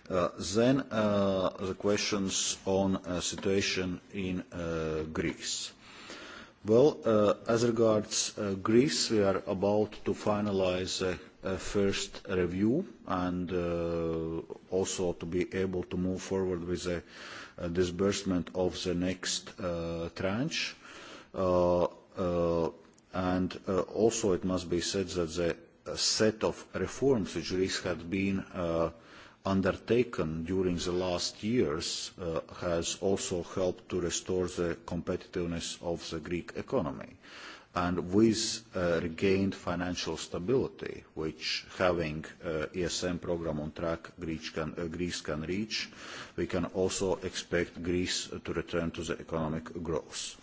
Speaker 2: Uh, then uh, the questions on uh, situation in uh, Greece. Well, uh, as regards uh, Greece, we are about to finalize a uh, uh, first review and uh, also to be able to move forward with the uh, disbursement of the next uh, tranche. Uh, uh, and uh, also it must be said that the uh, set of reforms which Greece had been uh, undertaken during the last years uh, has also helped to restore the competitiveness of the Greek economy. Uh, and with uh, regained financial stability, which having uh, ESM program on track, Greece can, uh, Greece can reach, we can also expect Greece to return to the economic growth.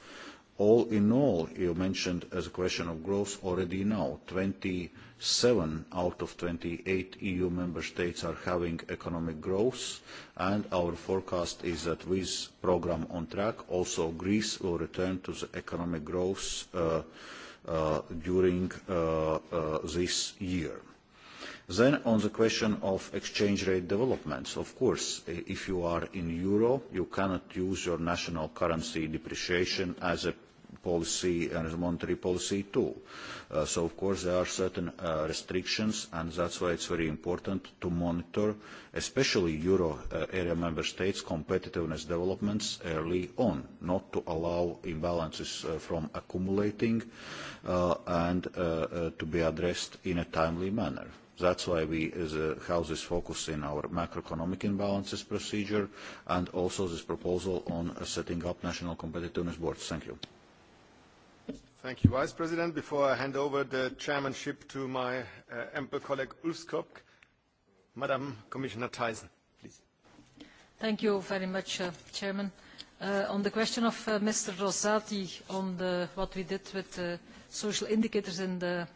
Speaker 2: All in all, you mentioned as a question of growth already now, 27 out of 28 EU member states are having economic growth, and our forecast is that with program on track, also Greece will return to the economic growth uh, uh, during uh, uh, this year. Then on the question of exchange rate developments, of course, eh, if you are in euro, you cannot use your national currency depreciation as a policy and as a monetary policy tool. Uh, so, of course, there are certain uh, restrictions, and that's why it's very important to monitor, especially euro uh, area member states' competitiveness developments early on, not to allow imbalances uh, from accumulating uh, and uh, uh, to be addressed in a timely manner. That's why we, as a House, is uh, focusing our macroeconomic imbalances procedure and also this proposal on uh, setting up national competitiveness boards. Thank you.
Speaker 1: Thank you, Vice President. Before I hand over the chairmanship to my uh, ample colleague Ulfskog, Madam Commissioner Tyson, please.
Speaker 3: Thank you very much, uh, Chairman. Uh, on the question of uh, Mr. Rosati on the, what we did with uh, social indicators in the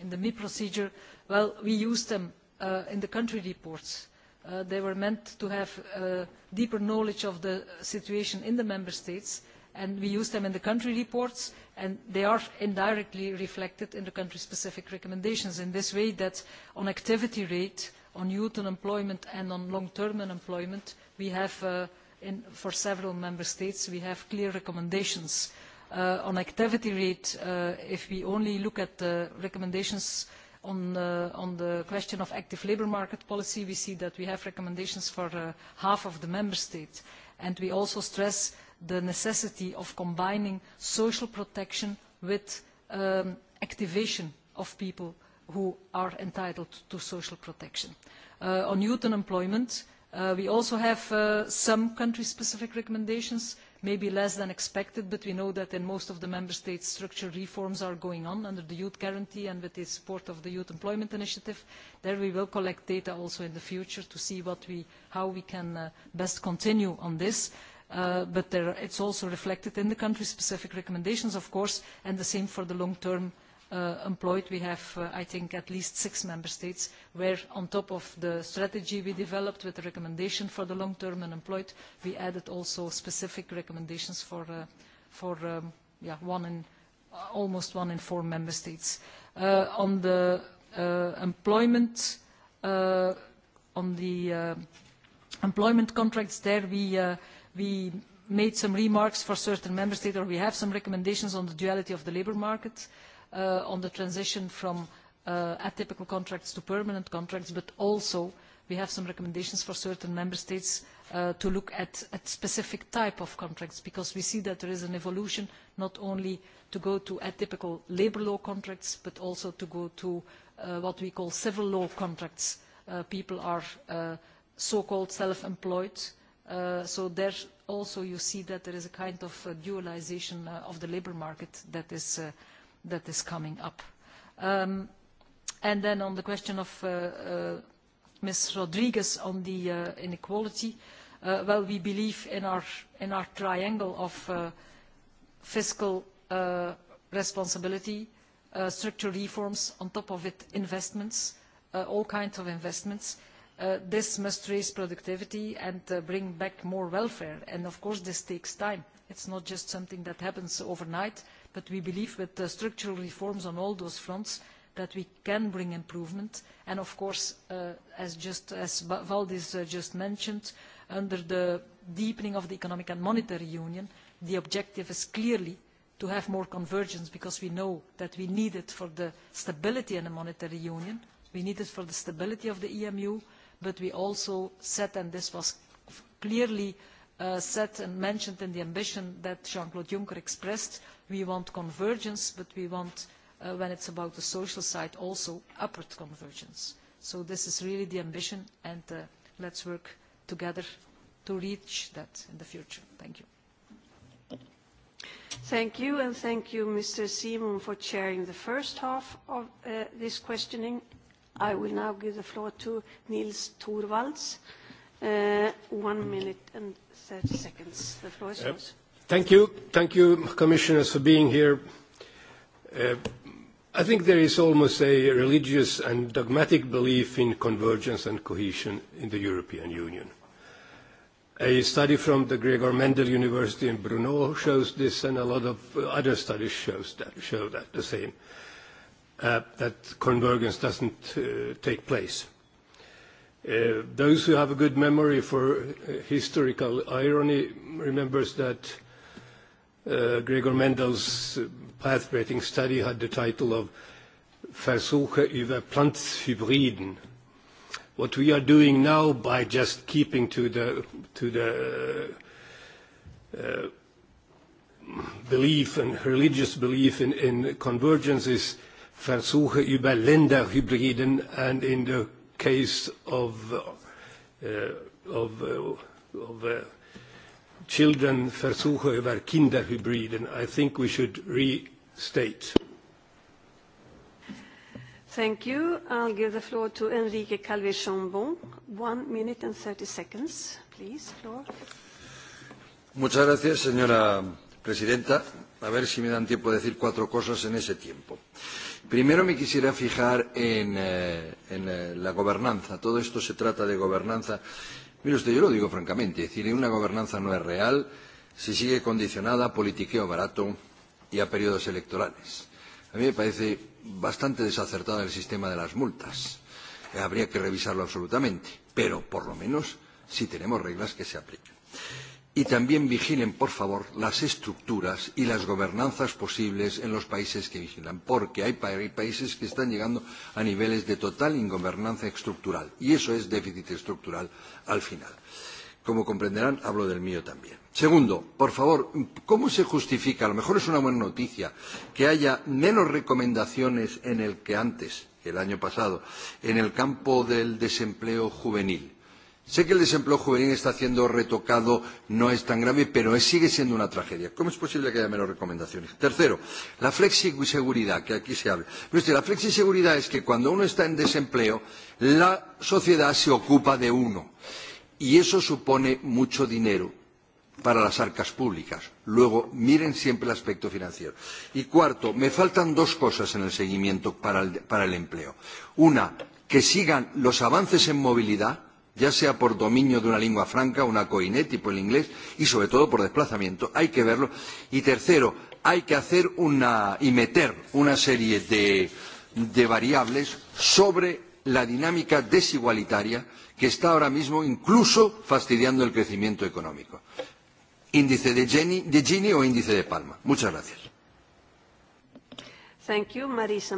Speaker 3: in the me procedure, well, we used them uh, in the country reports. Uh, they were meant to have uh, deeper knowledge of the situation in the member states, and we use them in the country reports, and they are indirectly reflected in the country-specific recommendations in this way that on activity rate, on youth unemployment, and on long-term unemployment, we have, uh, in, for several member states, we have clear recommendations Uh, on activity rate, uh, if we only look at the recommendations on, uh, on the question of active labour market policy, we see that we have recommendations for uh, half of the member states. And we also stress the necessity of combining social protection with um, activation of people who are entitled to social protection. Uh, on youth unemployment, uh, we also have uh, some country-specific recommendations maybe less than expected, but we know that in most of the member states structural reforms are going on under the youth guarantee and with the support of the youth employment initiative. There we will collect data also in the future to see how we can uh, best continue on this. Uh, but it is also reflected in the country-specific recommendations, of course, and the same for the long-term uh, employed. We have, uh, I think, at least six member states where on top of the strategy we developed with the recommendation for the long-term unemployed, we added also specific recommendations for, uh, for um, yeah, one in, uh, almost one in four member states. Uh, on the uh, employment, uh, on the uh, employment contracts there, we, uh, we made some remarks for certain member states, or we have some recommendations on the duality of the labour market. Uh, uh, on the transition from uh, atypical contracts to permanent contracts, but also we have some recommendations for certain member states uh, to look at, at specific type of contracts because we see that there is an evolution not only to go to atypical labour law contracts but also to go to uh, what we call civil law contracts. Uh, people are uh, so-called self-employed uh, so there also you see that there is a kind of uh, dualization uh, of the labour market that is uh, that is coming up. Um, and then on the question of uh, uh, Ms. Rodriguez on the uh, inequality, uh, well, we believe in our, in our triangle of uh, fiscal uh, responsibility, uh, structural reforms, on top of it investments, uh, all kinds of investments. Uh, this must raise productivity and uh, bring back more welfare. And of course this takes time. It's not just something that happens overnight. But we believe with the structural reforms on all those fronts that we can bring improvement. And of course, uh, as, just, as Valdis uh, just mentioned, under the deepening of the economic and monetary union, the objective is clearly to have more convergence because we know that we need it for the stability in the monetary union, we need it for the stability of the EMU, but we also set, and this was clearly Uh, said and mentioned in the ambition that Jean-Claude Juncker expressed, we want convergence, but we want, when uh, when it's about the social side, also upward convergence. So this is really the ambition, and let uh, let's work together to reach that in the future. Thank you.
Speaker 9: Thank you, and thank you, Mr. Simon, for chairing the first half of uh, this questioning. I will now give the floor to Nils Torvalds Uh, one minute and 30 seconds. The floor is uh, yours.
Speaker 10: thank you. Thank you, commissioners, for being here. Uh, I think there is almost a religious and dogmatic belief in convergence and cohesion in the European Union. A study from the Gregor Mendel University in Brno shows this, and a lot of other studies shows that, show that the same, uh, that convergence doesn't uh, take place. Uh, those who have a good memory for uh, historical irony remembers that uh, Gregor Mendel's uh, path-breaking study had the title of Versuche über Pflanzhybriden. What we are doing now by just keeping to the, to the uh, uh belief and religious belief in, in convergence is Versuche über Länderhybriden and in the case of, uh, of, uh, of uh, children versuche über Kinderhybriden. I think we should restate.
Speaker 9: Thank you. I'll give the floor to Enrique Calvé-Chambon. One minute and 30 seconds, please. Floor.
Speaker 11: Muchas gracias, señora presidenta. A ver si me dan tiempo de decir cuatro cosas en ese tiempo. Primero me quisiera fijar en, eh, en eh, la gobernanza. Todo esto se trata de gobernanza. Mire usted, yo lo digo francamente, es decir, una gobernanza no es real si sigue condicionada a politiqueo barato y a periodos electorales. A mí me parece bastante desacertado el sistema de las multas. Eh, habría que revisarlo absolutamente, pero por lo menos si tenemos reglas que se apliquen y también vigilen, por favor, las estructuras y las gobernanzas posibles en los países que vigilan, porque hay, países que están llegando a niveles de total ingobernanza estructural, y eso es déficit estructural al final. Como comprenderán, hablo del mío también. Segundo, por favor, ¿cómo se justifica? A lo mejor es una buena noticia que haya menos recomendaciones en el que antes, el año pasado, en el campo del desempleo juvenil Sé que el desempleo juvenil está siendo retocado, no es tan grave, pero sigue siendo una tragedia. ¿Cómo es posible que haya menos recomendaciones? Tercero, la flexiseguridad, que aquí se habla. Usted, la flexiseguridad es que cuando uno está en desempleo, la sociedad se ocupa de uno. Y eso supone mucho dinero para las arcas públicas. Luego, miren siempre el aspecto financiero. Y cuarto, me faltan dos cosas en el seguimiento para el, para el empleo. Una, que sigan los avances en movilidad ya sea por dominio de una lengua franca, una coiné tipo el inglés, y sobre todo por desplazamiento, hay que verlo. Y tercero, hay que hacer una, y meter una serie de, de variables sobre la dinámica desigualitaria que está ahora mismo incluso fastidiando el crecimiento económico. Índice de, Gini, de Gini o índice de Palma. Muchas gracias.
Speaker 9: Thank you, Marisa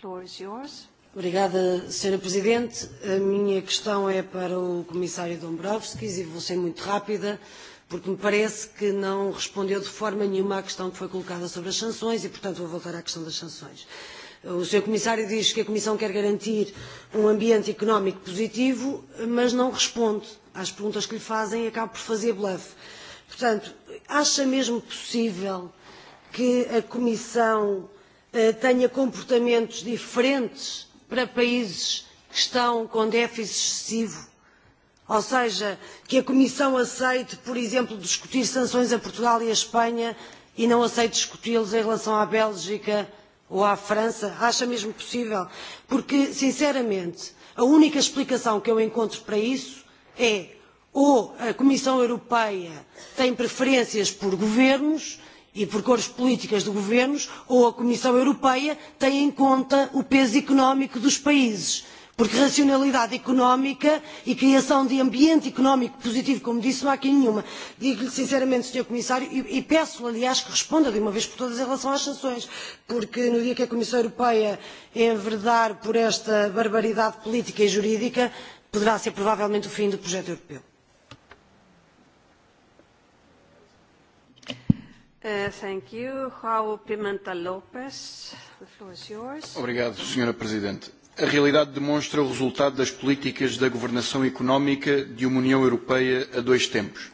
Speaker 9: Floor is yours.
Speaker 12: Obrigada, Sra. Presidente. A minha questão é para o Comissário Dombrovskis e vou ser muito rápida, porque me parece que não respondeu de forma nenhuma à questão que foi colocada sobre as sanções e, portanto, vou voltar à questão das sanções. O Sr. Comissário diz que a Comissão quer garantir um ambiente económico positivo, mas não responde às perguntas que lhe fazem e acaba por fazer bluff. Portanto, acha mesmo possível que a Comissão eh, tenha comportamentos diferentes para países que estão com déficit excessivo. Ou seja, que a Comissão aceite, por exemplo, discutir sanções a Portugal e a Espanha e não aceite discuti-los em relação à Bélgica ou à França? Acha mesmo possível? Porque, sinceramente, a única explicação que eu encontro para isso é ou a Comissão Europeia tem preferências por governos e por cores políticas de governos, ou a Comissão Europeia tem em conta o peso económico dos países. Porque racionalidade económica e criação de ambiente económico positivo, como disse, não há aqui nenhuma. Digo-lhe sinceramente, Sr. Comissário, e, e peço, aliás, que responda de uma vez por todas em relação às sanções, porque no dia que a Comissão Europeia enverdar por esta barbaridade política e jurídica, poderá ser provavelmente o fim do projeto europeu.
Speaker 9: Uh, thank you. João Pimenta Lopes, the floor is yours. Obrigado,
Speaker 13: Sra. Presidente. A realidade demonstra o resultado das políticas da governação económica de uma União Europeia a dois tempos.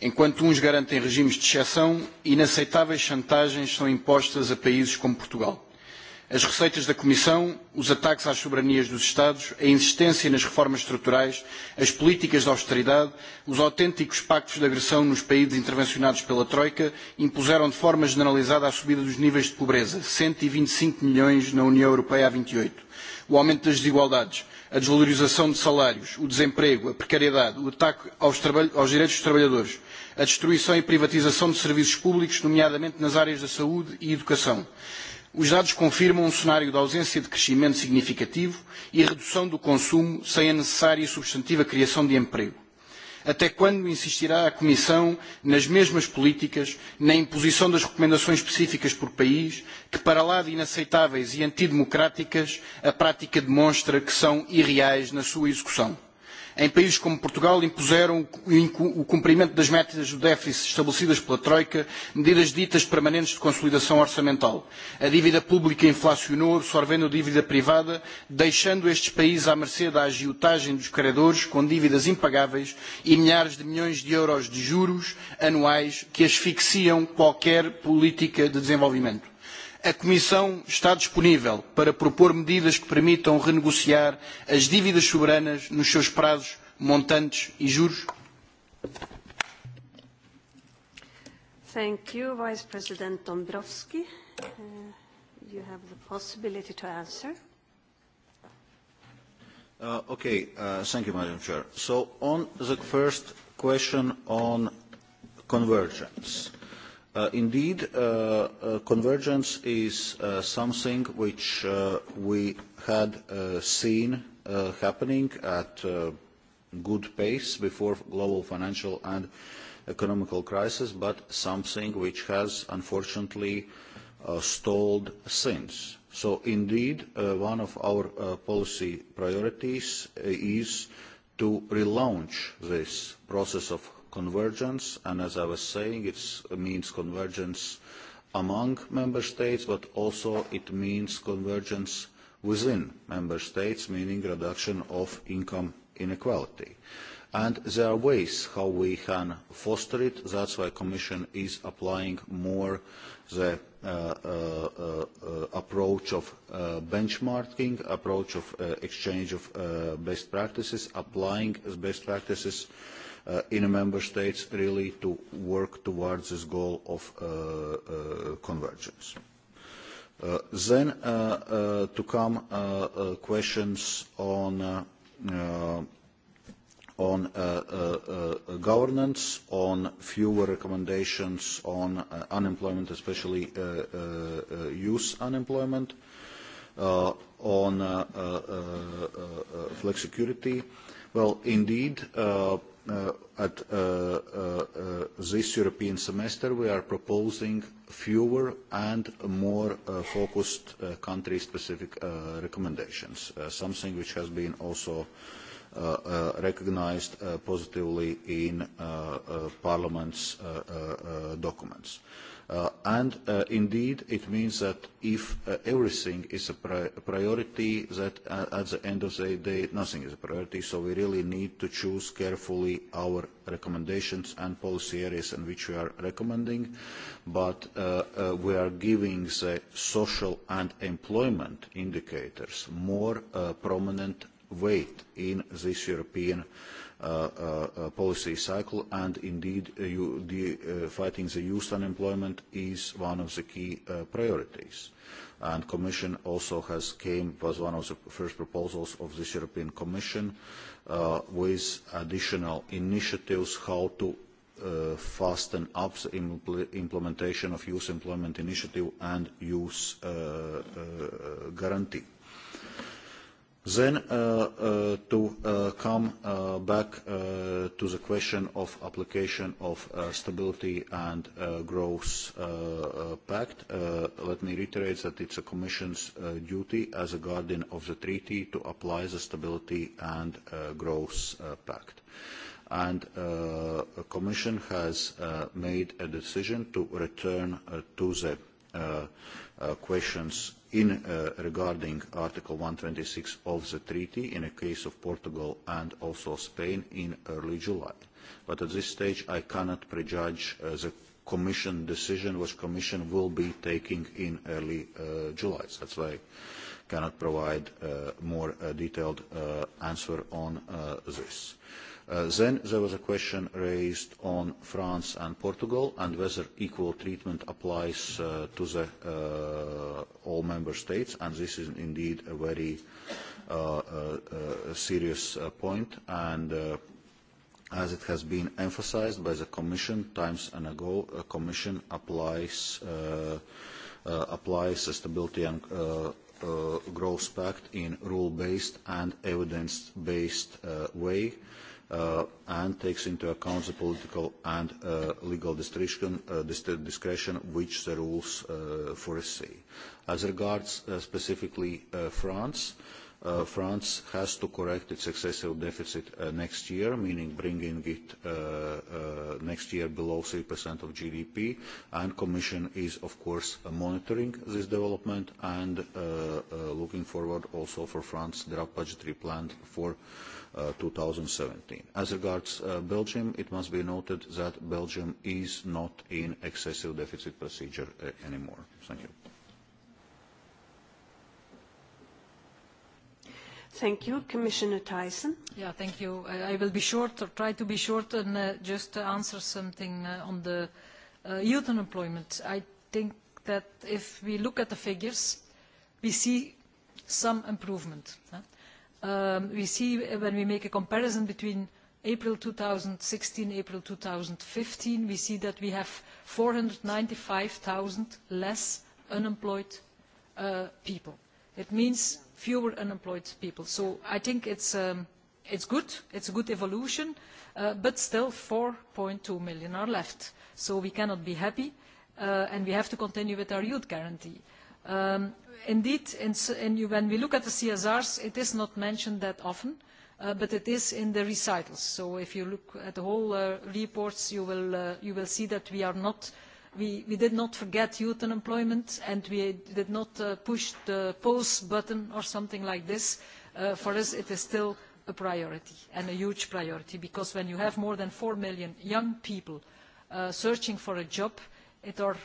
Speaker 13: Enquanto uns garantem regimes de exceção, inaceitáveis chantagens são impostas a países como Portugal. As receitas da Comissão, os ataques às soberanias dos Estados, a insistência nas reformas estruturais, as políticas de austeridade, os autênticos pactos de agressão nos países intervencionados pela Troika impuseram de forma generalizada a subida dos níveis de pobreza, 125 e e milhões na União Europeia a 28, e o aumento das desigualdades, a desvalorização de salários, o desemprego, a precariedade, o ataque aos, aos direitos dos trabalhadores, a destruição e privatização de serviços públicos, nomeadamente nas áreas da saúde e educação os dados confirmam um cenário de ausência de crescimento significativo e redução do consumo sem a necessária e substantiva criação de emprego. Até quando insistirá a Comissão nas mesmas políticas, na imposição das recomendações específicas por país, que, para lá de inaceitáveis e antidemocráticas, a prática demonstra que são irreais na sua execução? em países como Portugal impuseram o cumprimento das metas do déficit estabelecidas pela Troika, medidas ditas permanentes de consolidação orçamental. A dívida pública inflacionou, absorvendo a dívida privada, deixando estes países à mercê da agiotagem dos credores com dívidas impagáveis e milhares de milhões de euros de juros anuais que asfixiam qualquer política de desenvolvimento a Comissão está disponível para propor medidas que permitam renegociar as dívidas soberanas nos seus prazos, montantes e juros?
Speaker 9: Thank you, Vice President Dombrovski. Uh, you have the possibility to answer.
Speaker 2: Uh, okay, uh, thank you, Madam Chair. So on the first question on convergence. Uh, indeed, uh, uh, convergence is uh, something which uh, we had uh, seen uh, happening at uh, good pace before global financial and economical crisis, but something which has unfortunately uh, stalled since. So indeed, uh, one of our uh, policy priorities uh, is to relaunch this process of convergence, and as I was saying, it means convergence among member states, but also it means convergence within member states, meaning reduction of income inequality. And there are ways how we can foster it. That's why the Commission is applying more the uh, uh, uh, approach of uh, benchmarking, approach of uh, exchange of uh, best practices, applying best practices uh, in member states really to work towards this goal of uh, uh, convergence. Uh, then uh, uh, to come uh, uh, questions on uh, uh, on uh, uh, uh, governance, on fewer recommendations on uh, unemployment, especially uh, uh, uh, youth unemployment, uh, on uh, uh, uh, uh, flexicurity. Well, indeed, uh, uh, at uh, uh, uh, this European semester we are proposing fewer and more uh, focused uh, country-specific uh, recommendations, uh, something which has been also uh, uh, recognized uh, positively in uh, uh, Parliament's uh, uh, uh documents. Uh, Uh, and uh, indeed, it means that if uh, everything is a, pri priority, that uh, at the end of the day, nothing is a priority. So we really need to choose carefully our recommendations and policy areas in which we are recommending. But uh, uh, we are giving the social and employment indicators more uh, prominent weight in this European uh, Uh, uh, uh, policy cycle and indeed uh, you, the, uh, fighting the youth unemployment is one of the key uh, priorities and Commission also has came was one of the first proposals of this European Commission uh, with additional initiatives how to uh, fasten up the impl implementation of youth employment initiative and youth uh, uh, guarantee. Then uh, uh, to uh, come uh, back uh, to the question of application of uh, stability and uh, growth uh, uh, pact, uh, let me reiterate that it's the Commission's uh, duty as a guardian of the treaty to apply the stability and uh, growth uh, pact. And uh, the Commission has uh, made a decision to return uh, to the uh, uh, questions in uh, regarding Article 126 of the treaty in the case of Portugal and also Spain in early July. But at this stage I cannot prejudge uh, the Commission decision which Commission will be taking in early uh, July. So that's why I cannot provide uh, more uh, detailed uh, answer on uh, this. Uh, then there was a question raised on France and Portugal and whether equal treatment applies uh, to the, uh, all member states, and this is indeed a very uh, uh, serious uh, point. And uh, as it has been emphasized by the Commission times and ago, the Commission applies, uh, uh, applies the Stability and uh, uh, Growth Pact in rule-based and evidence-based uh, way uh, and takes into account the political and uh, legal discretion, uh, discretion which the rules uh, foresee. As regards uh, specifically uh, France, uh, France has to correct its excessive deficit uh, next year, meaning bringing it uh, uh, next year below 3% of GDP, and Commission is, of course, uh, monitoring this development and uh, uh, looking forward also for France draft budgetary plan for uh, 2017. Uh, As regards uh, Belgium, it must be noted that Belgium is not in excessive deficit procedure uh, anymore. Thank you.
Speaker 3: Thank you. Commissioner Tyson. Yeah, thank you. I, I will be short, or try to be short, and uh, just to answer something uh, on the uh, youth unemployment. I think that if we look at the figures, we see some improvement. Huh? Um, we see when we make a comparison between April 2016, April 2015, we see that we have 495,000 less unemployed uh, people. It means fewer unemployed people. So I think it's, um, it's good, it's a good evolution, uh, but still 4.2 million are left. So we cannot be happy, uh, and we have to continue with our youth guarantee. Um, indeed, in, in, when we look at the CSRs, it is not mentioned that often, uh, but it is in the recitals. So if you look at the whole uh, reports, you will, uh, you will see that we are not we, we did not forget youth unemployment and we did not uh, push the pause button or something like this. Uh, for us, it is still a priority and a huge priority because when you have more than 4 million young people uh, searching for a job, it are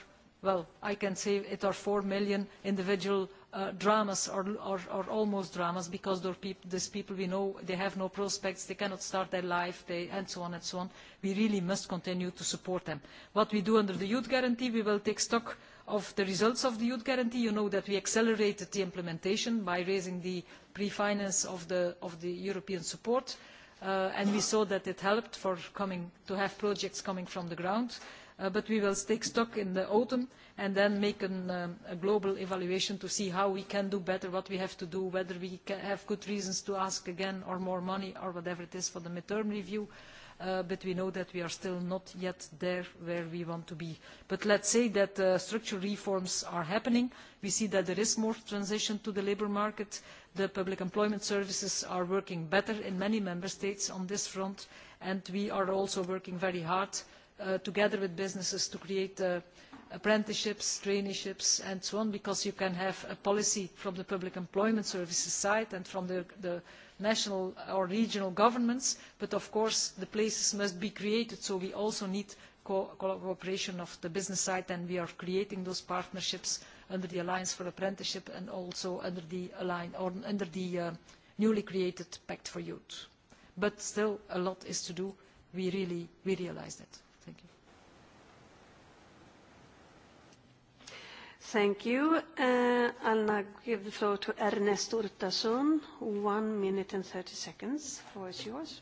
Speaker 3: well, I can say it are four million individual uh, dramas or, or, or almost dramas because peop these people we know, they have no prospects, they cannot start their life, they, and so on and so on. We really must continue to support them. What we do under the Youth Guarantee, we will take stock of the results of the Youth Guarantee. You know that we accelerated the implementation by raising the pre-finance of the, of the European support, uh, and we saw that it helped for coming, to have projects coming from the ground. Uh, but we will take stock in the autumn and then make an, um, a global evaluation to see how we can do better, what we have to do, whether we can have good reasons to ask again or more money or whatever it is for the midterm review. Uh, but we know that we are still not yet there where we want to be. But let's say that uh, structural reforms are happening. We see that there is more transition to the labour market. The public employment services are working better in many member states on this front, and we are also working very hard Uh, together with businesses to create uh, apprenticeships, traineeships and so on because you can have a policy from the public employment services side and from the, national or regional governments but of course the places must be created so we also need cooperation of the business side and we are creating those partnerships under the Alliance for Apprenticeship and also under the, uh, newly created Pact for Youth. But still a lot is to do, we really realise that. Thank you.
Speaker 9: Thank you. Uh, I'll now give the floor to Ernest Urtasun. One minute and 30 seconds. The floor is yours.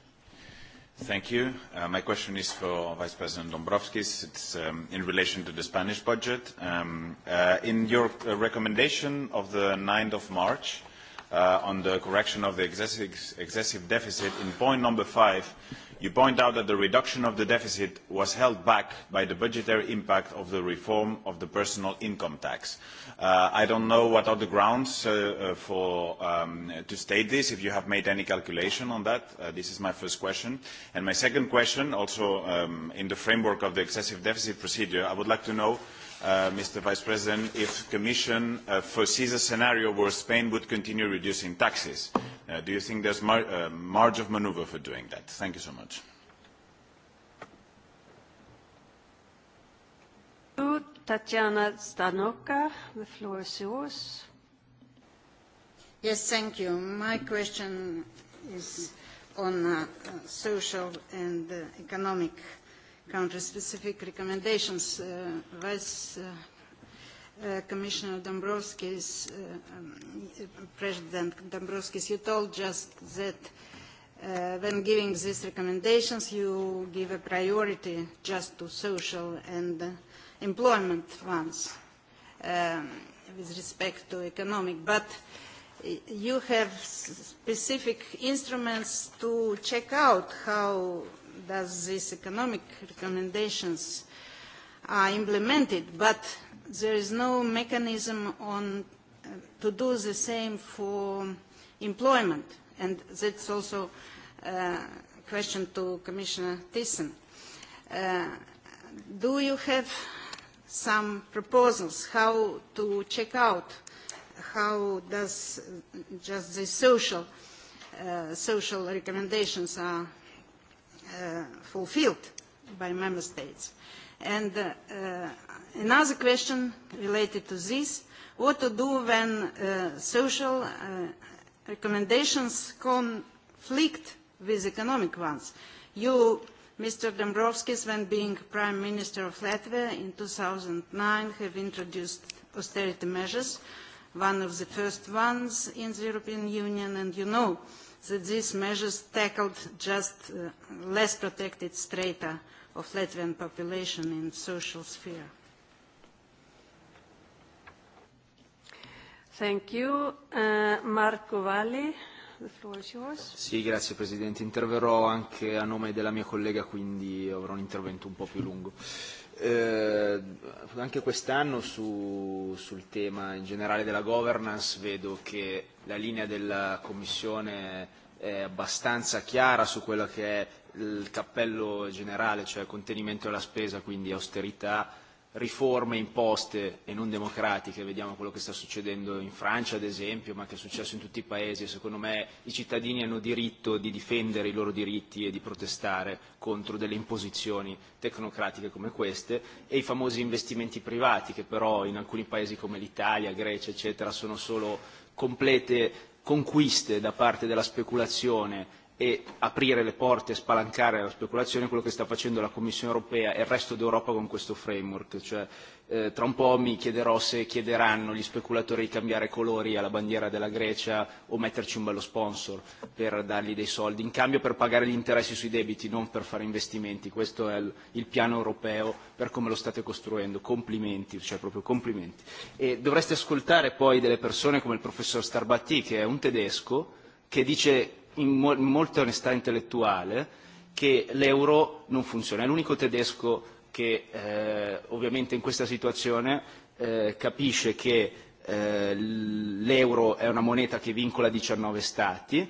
Speaker 6: Thank you. Uh, my question is for Vice President Dombrovskis. It's um, in relation to the Spanish budget. Um, uh, in your uh, recommendation of the 9th of March uh, on the correction of the excessive, excessive deficit, in point number five, You point out that the reduction of the deficit was held back by the budgetary impact of the reform of the personal income tax. Uh, I don't know what are the grounds uh, uh, for, um, to state this, if you have made any calculation on that. Uh, this is my first question. And my second question, also um, in the framework of the excessive deficit procedure, I would like to know uh, Mr. Vice President, if the Commission uh, foresees a scenario where Spain would continue reducing taxes. Uh, do you think there's mar uh, margin of maneuver for doing that? Thank you so
Speaker 9: much. Tatjana Stanoka, the floor is yours.
Speaker 14: Yes, thank you. My question is on uh, social and uh, economic uh, country-specific recommendations. Uh, Vice uh, uh, Commissioner Dombrovskis, uh, um, President Dombrovskis, you told just that uh, when giving these recommendations, you give a priority just to social and uh, employment funds um, with respect to economic. But uh, you have specific instruments to check out how does these economic recommendations are implemented, but there is no mechanism on, uh, to do the same for employment, and that's also a uh, question to Commissioner Thyssen. Uh, do you have some proposals how to check out how does just the social uh, social recommendations are uh, fulfilled by member states. And uh, uh, another question related to this, what to do when uh, social uh, recommendations conflict with economic ones? You, Mr. Dombrovskis, when being Prime Minister of Latvia in 2009, have introduced austerity measures, one of the first ones in the European Union, and you know uh, that these measures tackled just uh, less protected strata of Latvian population in social sphere. Thank you. Uh,
Speaker 9: Marco Valli, the floor is yours.
Speaker 15: Sì, grazie Presidente. Interverrò anche a nome della mia collega, quindi avrò un intervento un po' più lungo. Uh, Eh, anche quest'anno su, sul tema in generale della governance vedo che la linea della Commissione è abbastanza chiara su quello che è il cappello generale, cioè contenimento della spesa, quindi austerità, riforme imposte e non democratiche, vediamo quello che sta succedendo in Francia ad esempio, ma che è successo in tutti i paesi, secondo me i cittadini hanno diritto di difendere i loro diritti e di protestare contro delle imposizioni tecnocratiche come queste e i famosi investimenti privati che però in alcuni paesi come l'Italia, Grecia eccetera sono solo complete conquiste da parte della speculazione e aprire le porte e spalancare la speculazione quello che sta facendo la Commissione europea e il resto d'Europa con questo framework. Cioè, eh, tra un po' mi chiederò se chiederanno gli speculatori di cambiare colori alla bandiera della Grecia o metterci un bello sponsor per dargli dei soldi, in cambio per pagare gli interessi sui debiti, non per fare investimenti. Questo è il, il piano europeo per come lo state costruendo. Complimenti, cioè proprio complimenti. E dovreste ascoltare poi delle persone come il professor Starbatti, che è un tedesco, che dice in molta onestà intellettuale che l'euro non funziona. È l'unico tedesco che eh, ovviamente in questa situazione eh, capisce che eh, l'euro è una moneta che vincola 19 Stati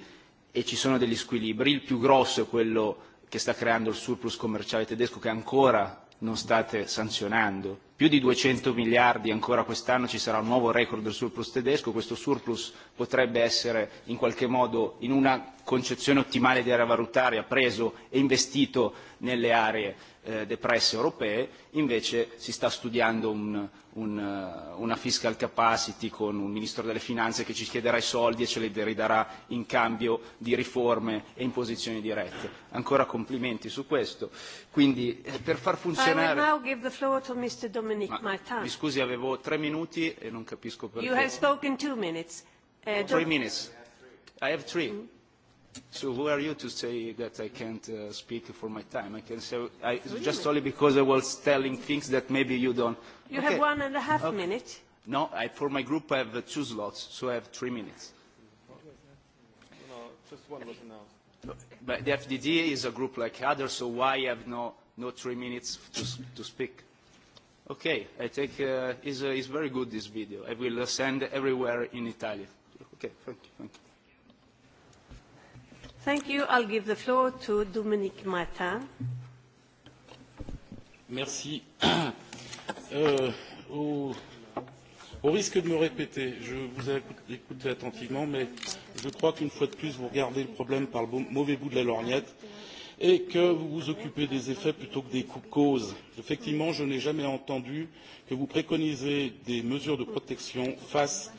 Speaker 15: e ci sono degli squilibri. Il più grosso è quello che sta creando il surplus commerciale tedesco che ancora non state sanzionando più di 200 miliardi, ancora quest'anno ci sarà un nuovo record del surplus tedesco, questo surplus potrebbe essere in qualche modo in una concezione ottimale di area valutaria preso e investito nelle aree eh, depresse europee, invece si sta studiando un, un, eh, una fiscal capacity con un ministro delle finanze che ci chiederà i soldi e ce li ridarà in cambio di riforme e imposizioni dirette. Ancora complimenti su questo. Quindi eh, per far funzionare... I will now
Speaker 9: give the floor to Mr. Dominic Ma, Martin. Mi
Speaker 15: scusi, avevo tre minuti e non capisco perché. You have spoken
Speaker 9: two minutes. Uh, three minutes.
Speaker 15: I have three. Mm. -hmm. So who are you to say that I can't uh, speak for my time? I can say I, Three just only because I was telling things that maybe you don't. You okay. have one and a half okay. minute. No, I, for my group I have uh, two slots, so I have three minutes.
Speaker 1: No, just one was now.
Speaker 15: But the FDD is a group like others, so why I have no, no three minutes to, to speak? Okay, I think uh, it's, uh, it's very good this video. I will uh, send everywhere in Italy. Okay, thank
Speaker 16: you. Thank
Speaker 9: you. Thank you. I'll give the floor to Dominique Martin.
Speaker 16: Merci. [coughs] euh, au, au risque de me répéter, je vous ai écouté attentivement, mais je crois qu'une fois de plus, vous regardez le problème par le mauvais bout de la lorgnette. Euh, et que vous vous occupez des effets plutôt que des causes. Effectivement, je n'ai jamais entendu que vous préconisez des mesures de protection face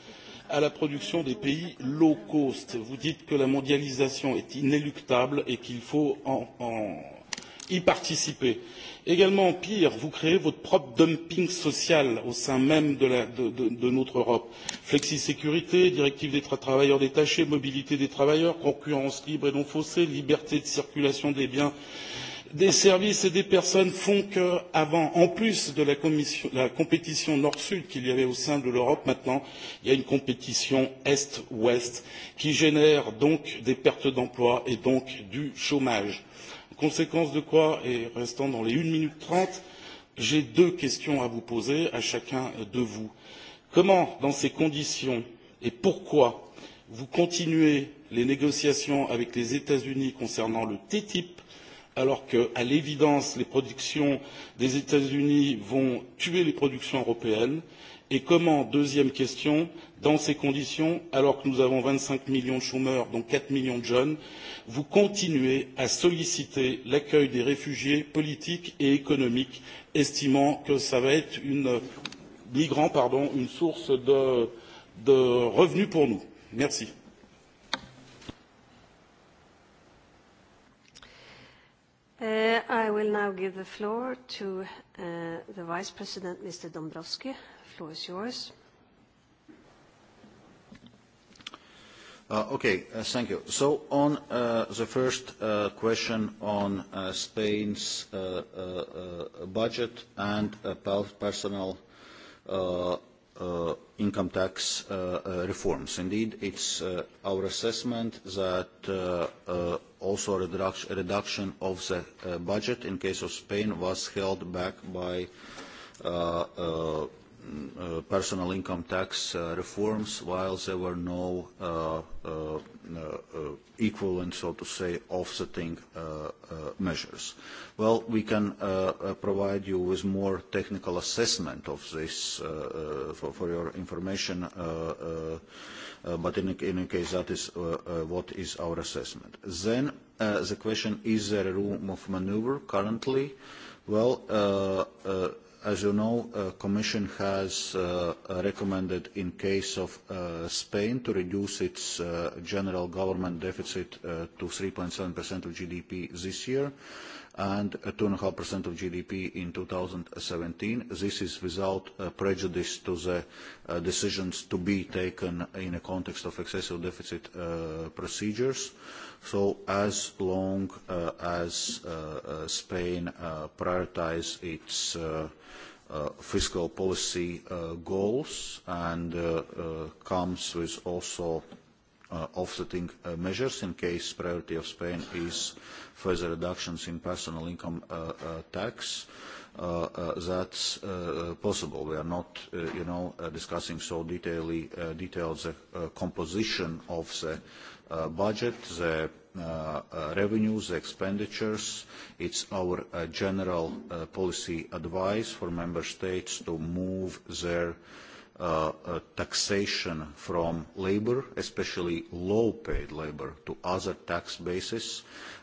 Speaker 16: à la production des pays low cost. Vous dites que la mondialisation est inéluctable et qu'il faut en, en y participer. Également, pire, vous créez votre propre dumping social au sein même de, la, de, de, de notre Europe. Flexisécurité, directive des tra travailleurs détachés, mobilité des travailleurs, concurrence libre et non faussée, liberté de circulation des biens des services et des personnes font que, avant, en plus de la, la compétition nord-sud qu'il y avait au sein de l'Europe, maintenant, il y a une compétition est-ouest qui génère donc des pertes d'emplois et donc du chômage. Conséquence de quoi, et restant dans les 1 minute 30, j'ai deux questions à vous poser à chacun de vous. Comment, dans ces conditions, et pourquoi vous continuez les négociations avec les États-Unis concernant le TTIP, alors que, à l'évidence, les productions des États-Unis vont tuer les productions européennes Et comment, deuxième question, Dans ces conditions, alors que nous avons 25 millions de chômeurs, dont 4 millions de jeunes, vous continuez à solliciter l'accueil des réfugiés politiques et économiques, estimant que ça va être une euh, migrant, pardon, une source de, de revenus pour nous. Merci.
Speaker 9: Uh, I will now give the floor to uh, the Vice President, Mr. Dombrovski. The floor is yours.
Speaker 2: Uh, okay, uh, thank you. So on uh, the first uh, question on uh, Spain's uh, uh, uh budget and uh, personal uh, uh, income tax uh, uh, reforms. Indeed, it's uh, our assessment that uh, uh, also a reduction of the uh, budget in case of Spain was held back by uh, uh, personal income tax uh, reforms, while there were no uh, uh, uh, equivalent, so to say, offsetting uh, uh, measures. Well, we can uh, uh, provide you with more technical assessment of this uh, uh, for, for your information, uh, uh, but in, in any case, that is uh, uh, what is our assessment. Then uh, the question, is there a room of maneuver currently? Well, uh, uh, as you know, the uh, Commission has uh, recommended in case of uh, Spain to reduce its general government deficit to three 3.7% of GDP this year and a 2.5% of GDP in 2017. This is without uh, prejudice to the uh, decisions to be taken in a context of excessive deficit uh, procedures. So as long uh, as uh, uh, Spain uh, prioritizes its uh, uh, fiscal policy uh, goals and uh, uh, comes with also uh, uh, offsetting uh, measures in case priority of Spain is further reductions in personal income uh, uh, tax. Uh, uh, that's uh, possible. We are not, uh, you know, uh, discussing so detailedly uh, the uh, composition of the uh, budget, the uh, uh, revenues, the expenditures. It's our uh, general uh, policy advice for member states to move their uh, uh, uh, taxation from labor, especially low-paid labor, to other tax bases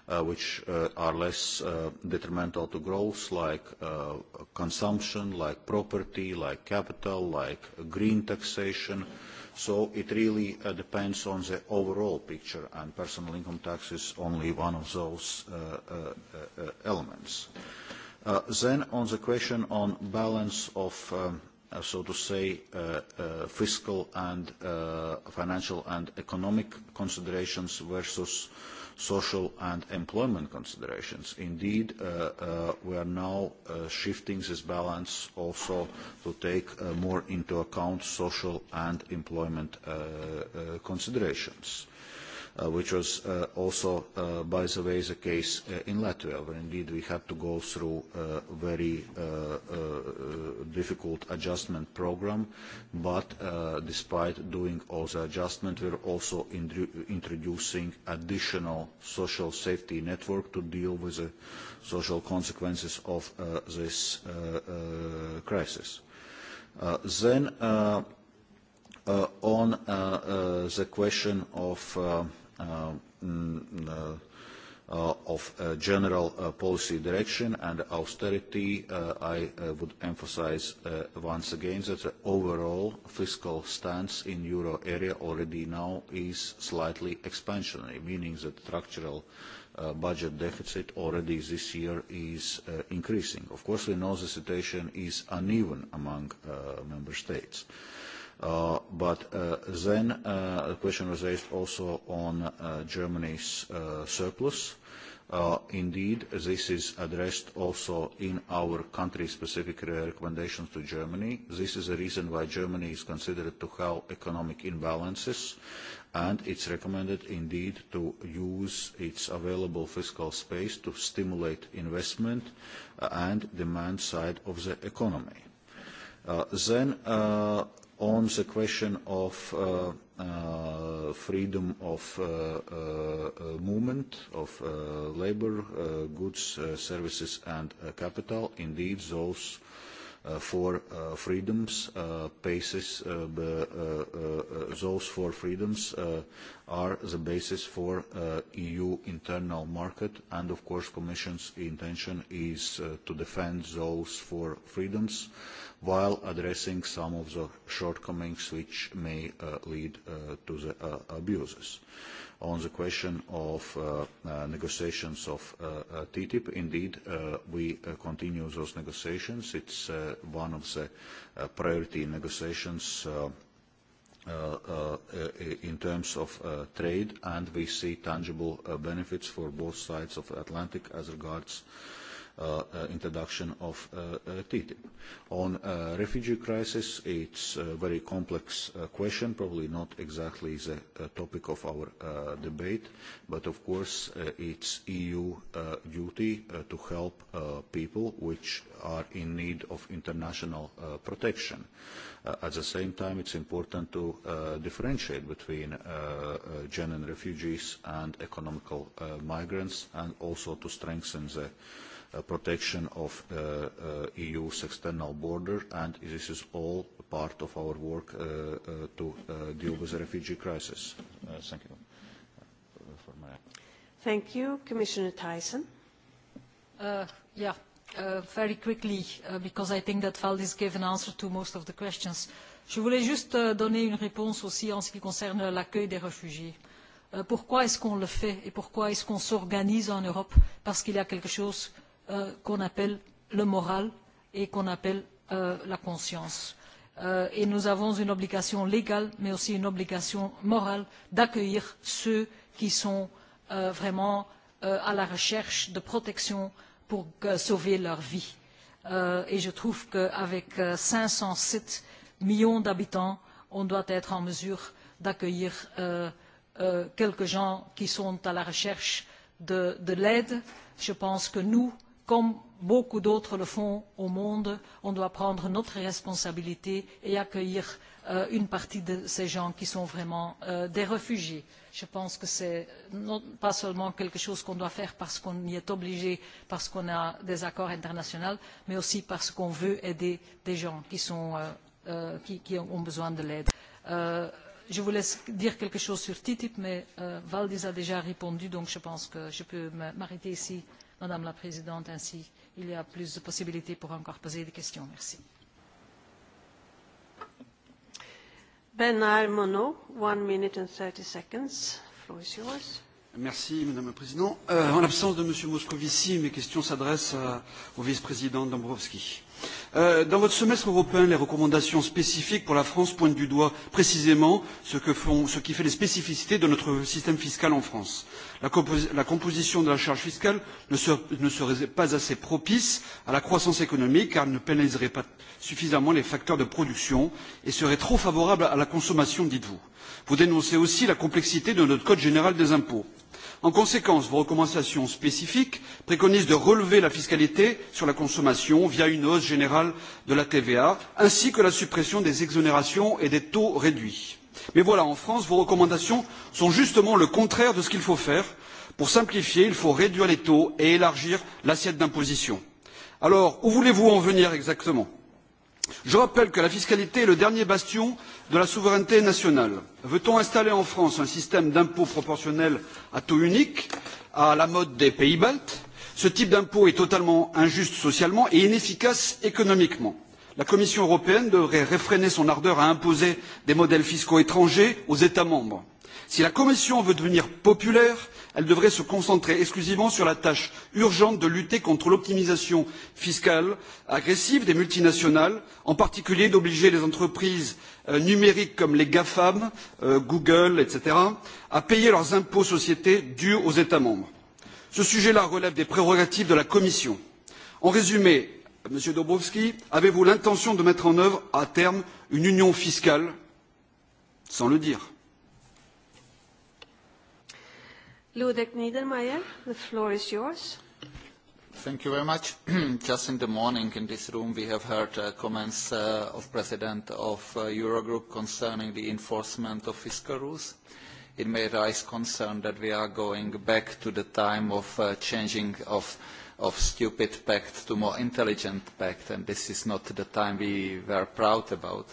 Speaker 2: uh, which uh, are less uh, detrimental to growth, like uh, consumption, like property, like capital, like green taxation. So it really uh, depends on the overall picture, and personal income tax is only one of those uh, uh, uh, elements. Uh, then on the question on balance of um, uh, so to say, uh, uh, fiscal and uh, financial and economic considerations versus social and employment considerations. Indeed, uh, uh, we are now uh, shifting this balance also to take uh, more into account social and employment uh, uh, considerations uh, which was uh, also, uh, by the way, the case uh, in Latvia, where indeed we had to go through a very uh, uh, difficult adjustment program, but uh, despite doing all the adjustment, we're also introducing additional social safety network to deal with the social consequences of uh, this uh, uh, crisis. Uh, then uh, uh, on uh, uh, the question of uh, uh, uh, of uh, general uh, policy direction and austerity, uh, I uh, would emphasize uh, once again that the overall fiscal stance in euro area already now is slightly expansionary, meaning that structural uh, budget deficit already this year is uh, increasing. Of course, we know the situation is uneven among uh, member states. Uh, Uh, but uh, then uh, the question was raised also on uh, Germany's uh, surplus. Uh, indeed, this is addressed also in our country-specific recommendations to Germany. This is the reason why Germany is considered to have economic imbalances, and it's recommended indeed to use its available fiscal space to stimulate investment uh, and demand side of the economy. Uh, then uh, on the question of uh, uh, freedom of uh, uh, uh, movement of uh, labor, uh, goods, uh, services and uh, capital. Indeed, those Uh, four uh, freedoms, uh, basis uh, uh, uh, uh, those four freedoms uh, are the basis for uh, EU internal market and of course Commission's intention is uh, to defend those four freedoms while addressing some of the shortcomings which may uh, lead uh, to the uh, abuses. Uh, on the question of uh, uh, negotiations of uh, uh, TTIP. Indeed, uh, we uh, continue those negotiations. It's uh, one of the uh, priority negotiations uh, Uh, uh, in terms of uh, trade, and we see tangible uh, benefits for both sides of the Atlantic as regards uh, Uh, uh, introduction of uh, uh, TTIP. On uh, refugee crisis, it's a very complex uh, question, probably not exactly the uh, topic of our uh, debate, but of course uh, it's EU uh, duty uh, to help uh, people which are in need of international uh, protection. Uh, at the same time, it's important to uh, differentiate between uh, uh, genuine refugees and economical uh, migrants and also to strengthen the uh, protection of uh, uh, EU's external border, and this is all part of our work uh, uh, to uh, deal with the refugee crisis. Uh, thank you. Uh,
Speaker 3: thank you. Commissioner Tyson. Uh, yeah, uh, very quickly, uh, because I think that Valdis gave an answer to most of the questions. Je voulais juste uh, donner une réponse aussi en ce qui concerne l'accueil des réfugiés. Uh, pourquoi est-ce qu'on le fait et pourquoi est-ce qu'on s'organise en Europe Parce qu'il y a quelque chose Euh, qu'on appelle le moral et qu'on appelle euh, la conscience. Euh, et nous avons une obligation légale, mais aussi une obligation morale d'accueillir ceux qui sont euh, vraiment euh, à la recherche de protection pour euh, sauver leur vie. Euh, et je trouve qu'avec euh, 507 millions d'habitants, on doit être en mesure d'accueillir euh, euh, quelques gens qui sont à la recherche de, de l'aide. Je pense que nous, Comme beaucoup d'autres le font au monde, on doit prendre notre responsabilité et accueillir euh, une partie de ces gens qui sont vraiment euh, des réfugiés. Je pense que ce n'est pas seulement quelque chose qu'on doit faire parce qu'on y est obligé, parce qu'on a des accords internationaux, mais aussi parce qu'on veut aider des gens qui, sont, euh, euh, qui, qui ont besoin de l'aide. Euh, je voulais dire quelque chose sur TTIP, mais euh, Valdis a déjà répondu, donc je pense que je peux m'arrêter ici Madame la Présidente. Ainsi, il y a plus de possibilités pour encore poser des questions. Merci. Bernard Monod, one
Speaker 9: minute and 30 seconds.
Speaker 17: floor is yours. Merci, Madame la Présidente. Euh, en l'absence de Monsieur Moscovici, mes questions s'adressent euh, au vice-président Dombrovski. Euh, dans votre semestre européen, les recommandations spécifiques pour la France pointent du doigt précisément ce, que font, ce qui fait les spécificités de notre système fiscal en France. La, compos la composition de la charge fiscale ne, ser ne serait pas assez propice à la croissance économique car elle ne pénaliserait pas suffisamment les facteurs de production et serait trop favorable à la consommation, dites-vous. Vous dénoncez aussi la complexité de notre Code général des impôts. En conséquence, vos recommandations spécifiques préconisent de relever la fiscalité sur la consommation via une hausse générale de la TVA, ainsi que la suppression des exonérations et des taux réduits. Mais voilà, en France, vos recommandations sont justement le contraire de ce qu'il faut faire. Pour simplifier, il faut réduire les taux et élargir l'assiette d'imposition. Alors, où voulez-vous en venir exactement Je rappelle que la fiscalité est le dernier bastion de la souveraineté nationale. Veut-on installer en France un système d'impôt proportionnel à taux unique, à la mode des pays baltes Ce type d'impôt est totalement injuste socialement et inefficace économiquement. La Commission européenne devrait réfréner son ardeur à imposer des modèles fiscaux étrangers aux États membres. Si la Commission veut devenir populaire, elle devrait se concentrer exclusivement sur la tâche urgente de lutter contre l'optimisation fiscale agressive des multinationales, en particulier d'obliger les entreprises euh, numériques comme les GAFAM, euh, Google, etc., à payer leurs impôts sociétés dus aux États membres. Ce sujet-là relève des prérogatives de la Commission. En résumé, Monsieur Dobrovski, avez-vous l'intention de mettre en œuvre à terme une union fiscale sans le dire
Speaker 9: Ludek Niedermayer, the floor is yours.
Speaker 18: Thank you very much. [clears throat] Just in the morning in this room we have heard uh, comments uh, of President of uh, Eurogroup concerning the enforcement of fiscal rules. It may rise concern that we are going back to the time of uh, changing of of stupid pact to more intelligent pact, and this is not the time we were proud about.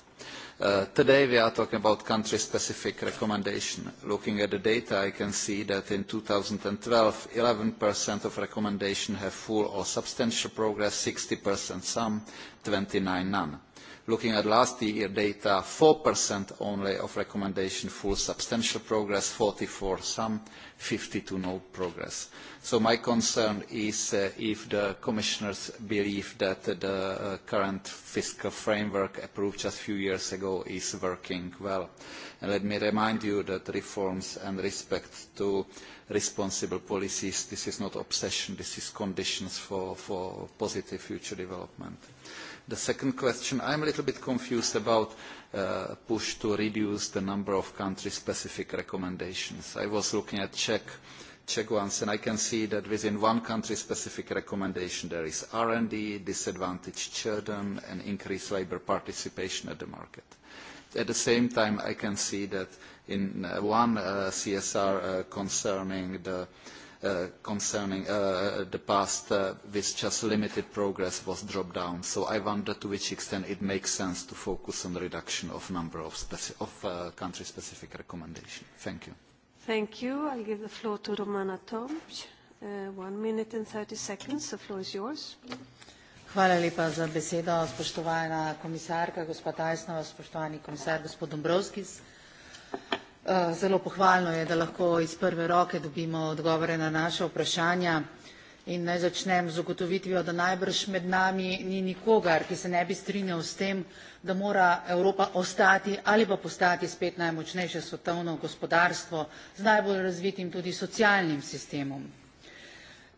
Speaker 18: Uh, today we are talking about country-specific recommendation. Looking at the data, I can see that in 2012, 11% of recommendations have full or substantial progress, 60% some, 29 none. Looking at last year data, 4% only of recommendation full substantial progress, 44 some, 50 to no progress. So my concern is uh, if the commissioners believe that the uh, current fiscal framework approved just a few years ago is working well. And let me remind you that reforms and respect to responsible policies, this is not obsession, this is conditions for, for positive future development. The second question, I'm a little bit confused about Uh, push to reduce the number of country-specific recommendations. I was looking at Czech, Czech ones, and I can see that within one country-specific recommendation there is R&D, disadvantaged children, and increased labor participation at the market. At the same time, I can see that in uh, one uh, CSR uh, concerning the Uh, concerning uh, the past uh, with just limited progress was dropped down. So I wonder to which extent it makes sense to focus on the reduction of number of, speci of uh, country-specific recommendations. Thank you.
Speaker 9: Thank you. I'll give the floor to Romana Tomč. Uh, one minute and 30 seconds. The
Speaker 19: floor is yours. Hvala lepa za besedo, spoštovana komisarka, gospod Tajsnova, spoštovani komisar, gospod Dombrovskis. Uh, Eh, zelo pohvalno je, da lahko iz prve roke dobimo odgovore na naše vprašanja in naj začnem z ugotovitvijo, da najbrž med nami ni nikogar, ki se ne bi strinjal s tem, da mora Evropa ostati ali pa postati spet najmočnejše svetovno gospodarstvo z najbolj razvitim tudi socialnim sistemom.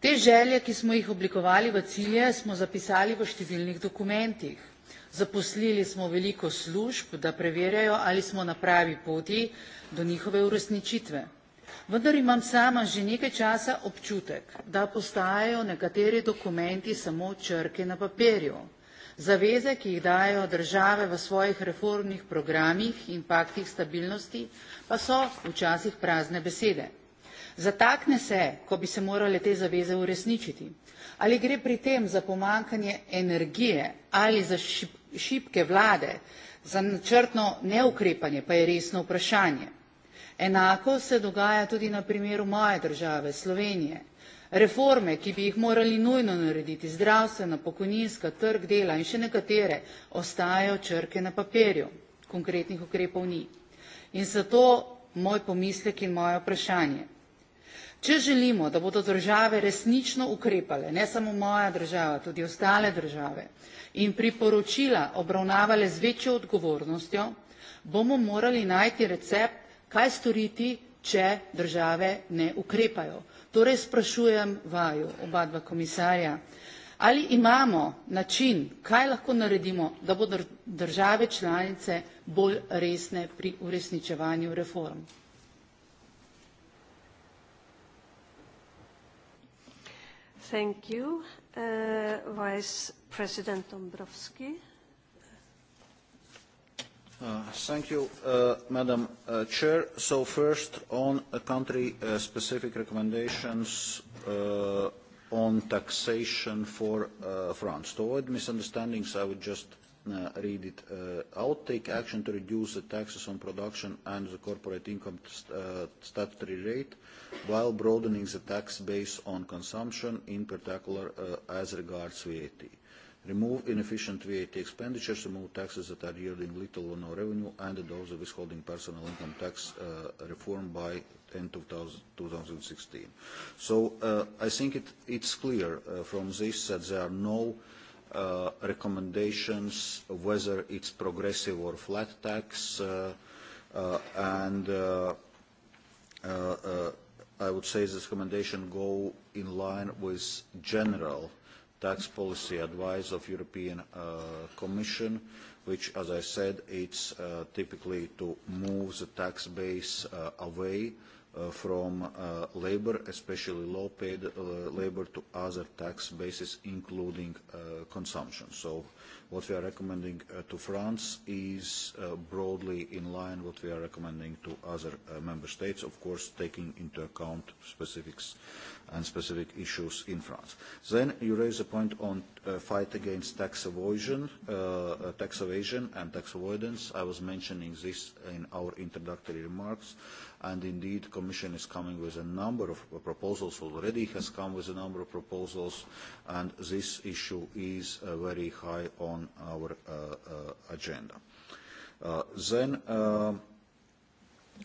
Speaker 19: Te želje, ki smo jih oblikovali v cilje, smo zapisali v številnih dokumentih. Zaposlili smo veliko služb, da preverjajo, ali smo na pravi poti do njihove uresničitve. Vendar imam sama že nekaj časa občutek, da postajajo nekateri dokumenti samo črke na papirju. Zaveze, ki jih dajo države v svojih reformnih programih in paktih stabilnosti, pa so včasih prazne besede. Zatakne se, ko bi se morale te zaveze uresničiti. Ali gre pri tem za pomankanje energije ali za šip, šipke vlade, za načrtno neukrepanje pa je resno vprašanje. Enako se dogaja tudi na primeru moje države, Slovenije. Reforme, ki bi jih morali nujno narediti, zdravstvena, pokojninska, trg dela in še nekatere, ostajajo črke na papirju. Konkretnih ukrepov ni. In zato moj pomislek in moje vprašanje. Če želimo, da bodo države resnično ukrepale, ne samo moja država, tudi ostale države, in priporočila obravnavale z večjo odgovornostjo, bomo morali najti recept, kaj storiti, če države ne ukrepajo. Torej sprašujem vaju, oba dva komisarja, ali imamo način, kaj lahko naredimo, da bodo države članice bolj resne pri uresničevanju reform. Thank you.
Speaker 9: Uh, Vice President Dombrovski.
Speaker 2: Uh, thank you, uh, Madam uh, Chair. So first, on a country-specific uh, recommendations uh, on taxation for uh, France. To avoid misunderstandings, I would just uh, uh, read it uh, out, take action to reduce the taxes on production and the corporate income st uh, statutory rate while broadening the tax base on consumption, in particular uh, as regards VAT. Remove inefficient VAT expenditures, remove taxes that are yielding little or no revenue, and adopt the withholding personal income tax uh, reform by end of 2016. So uh, I think it, it's clear uh, from this that there are no uh, uh, recommendations, whether it's progressive or flat tax, uh, uh, and uh, uh, uh, I would say this recommendation go in line with general tax policy advice of European uh, Commission, which, as I said, it's uh, typically to move the tax base uh, away uh, uh, from uh, labor, especially low-paid uh, labor, to other tax bases, including uh, consumption. So what we are recommending uh, to France is uh, broadly in line what we are recommending to other uh, member states, of course, taking into account specifics and specific issues in France. Then you raise a point on uh, fight against tax evasion, uh, uh, tax evasion and tax avoidance. I was mentioning this in our introductory remarks. Uh, And indeed, the Commission is coming with a number of proposals already, has come with a number of proposals, and this issue is uh, very high on our uh, uh, agenda. Uh, then, uh,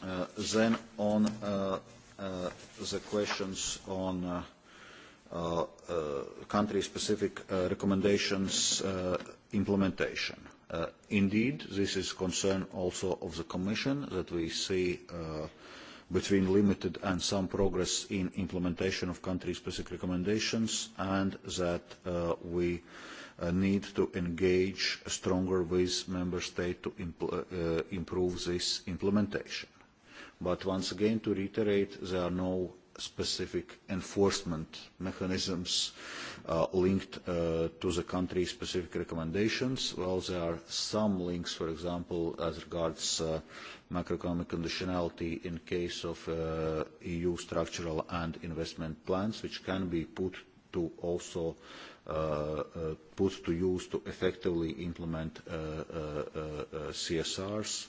Speaker 2: uh, then on uh, uh, the questions on uh, uh, uh, country-specific uh, recommendations uh, implementation. Uh, indeed, this is concern also of the Commission that we see uh, between limited and some progress in implementation of country-specific recommendations and that uh, we uh, need to engage stronger with member states to impl uh, improve this implementation. But once again, to reiterate, there are no specific enforcement mechanisms uh, linked uh, to the country specific recommendations. Well, there are some links, for example, as regards uh, macroeconomic conditionality in case of uh, EU structural and investment plans, which can be put to also uh, uh, put to use to effectively implement uh, uh, uh, uh CSRs.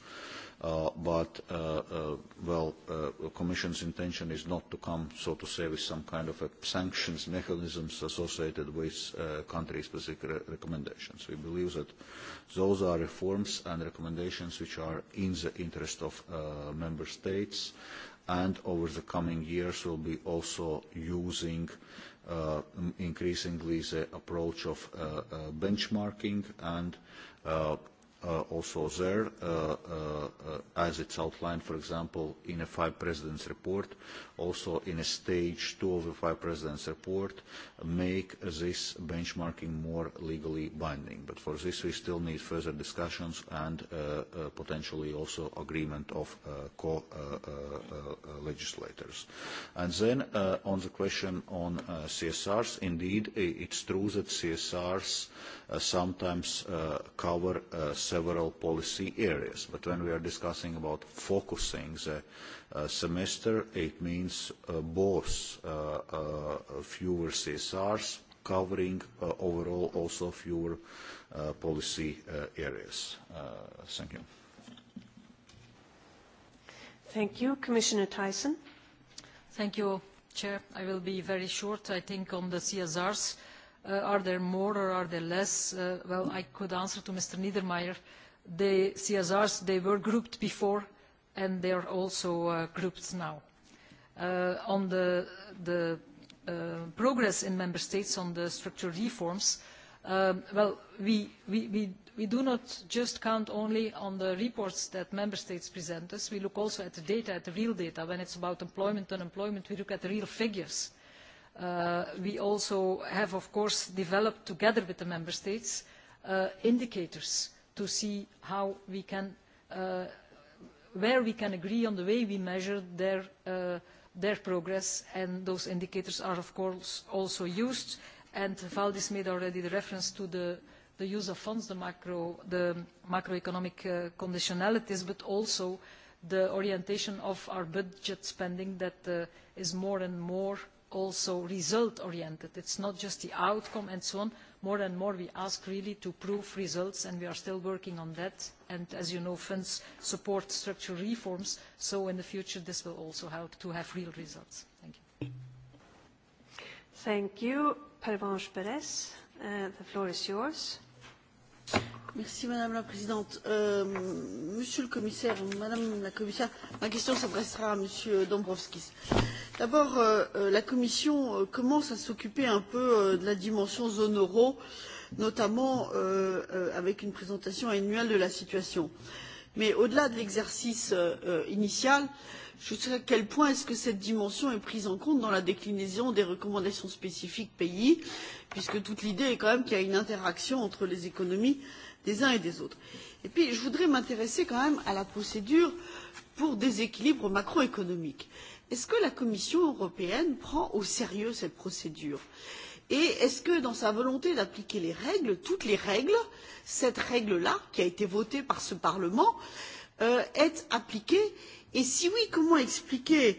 Speaker 2: Uh, but, uh, uh, well, uh, the Commission's intention is not to come, so to say, with some kind of a sanctions mechanisms associated with uh, country-specific re recommendations. We believe that those are reforms and recommendations which are in the interest of uh, member states, and over the coming years will be also using uh, increasingly the approach of uh, uh, benchmarking and uh, uh, also there, uh, uh, uh, as it's outlined, for example, in a five presidents report, also in a stage two of the five presidents report, make this benchmarking more legally binding. But for this, we still need further discussions and uh, uh, potentially also agreement of uh, co-legislators. Uh, uh, uh and then uh, on the question on uh, CSRs, indeed, it's true that CSRs uh, sometimes uh, cover uh, several policy areas. But when we are discussing about focusing the uh, semester, it means uh, both uh, uh, fewer CSRs covering uh, overall also fewer uh, policy uh, areas. Uh, thank you.
Speaker 3: Thank you. Commissioner Tyson. Thank you, Chair. I will be very short, I think, on the CSRs. Uh, Uh, are there more or are there less? Uh, well, I could answer to Mr. Niedermayer. The CSRs, they were grouped before and they are also uh, grouped now. Uh, on the, the uh, progress in member states on the structural reforms, um, well, we, we, we, we do not just count only on the reports that member states present us. We look also at the data, at the real data. When it's about employment, and unemployment, we look at the real figures. Uh, Uh, we also have, of course, developed together with the Member States uh, indicators to see how we can, uh, where we can agree on the way we measure their, uh, their progress, and those indicators are, of course, also used. And Valdis made already the reference to the, the use of funds, the, macro, the macroeconomic uh, conditionalities, but also the orientation of our budget spending that uh, is more and more – also result-oriented. It is not just the outcome and so on. More and more we ask really to prove results and we are still working on that. And as you know, funds support structural reforms, so in the future this will also help to have real results. Thank you. Thank you. Pervenche
Speaker 9: Perez,
Speaker 20: uh, the floor is yours. Merci Madame la Présidente. Euh, monsieur le Commissaire, Madame la Commissaire, ma question s'adressera à Monsieur Dombrovskis. D'abord, euh, euh la Commission euh, commence à s'occuper un peu euh, de la dimension zone euro, notamment euh, euh, avec une présentation annuelle de la situation. Mais au-delà de l'exercice euh, initial, je sais à quel point est-ce que cette dimension est prise en compte dans la déclinaison des recommandations spécifiques pays, puisque toute l'idée est quand même qu'il y a une interaction entre les économies des uns et des autres. Et puis, je voudrais m'intéresser quand même à la procédure pour déséquilibre macroéconomique. Est-ce que la Commission européenne prend au sérieux cette procédure Et est-ce que dans sa volonté d'appliquer les règles, toutes les règles, cette règle-là, qui a été votée par ce Parlement, euh, est appliquée Et si oui, comment expliquer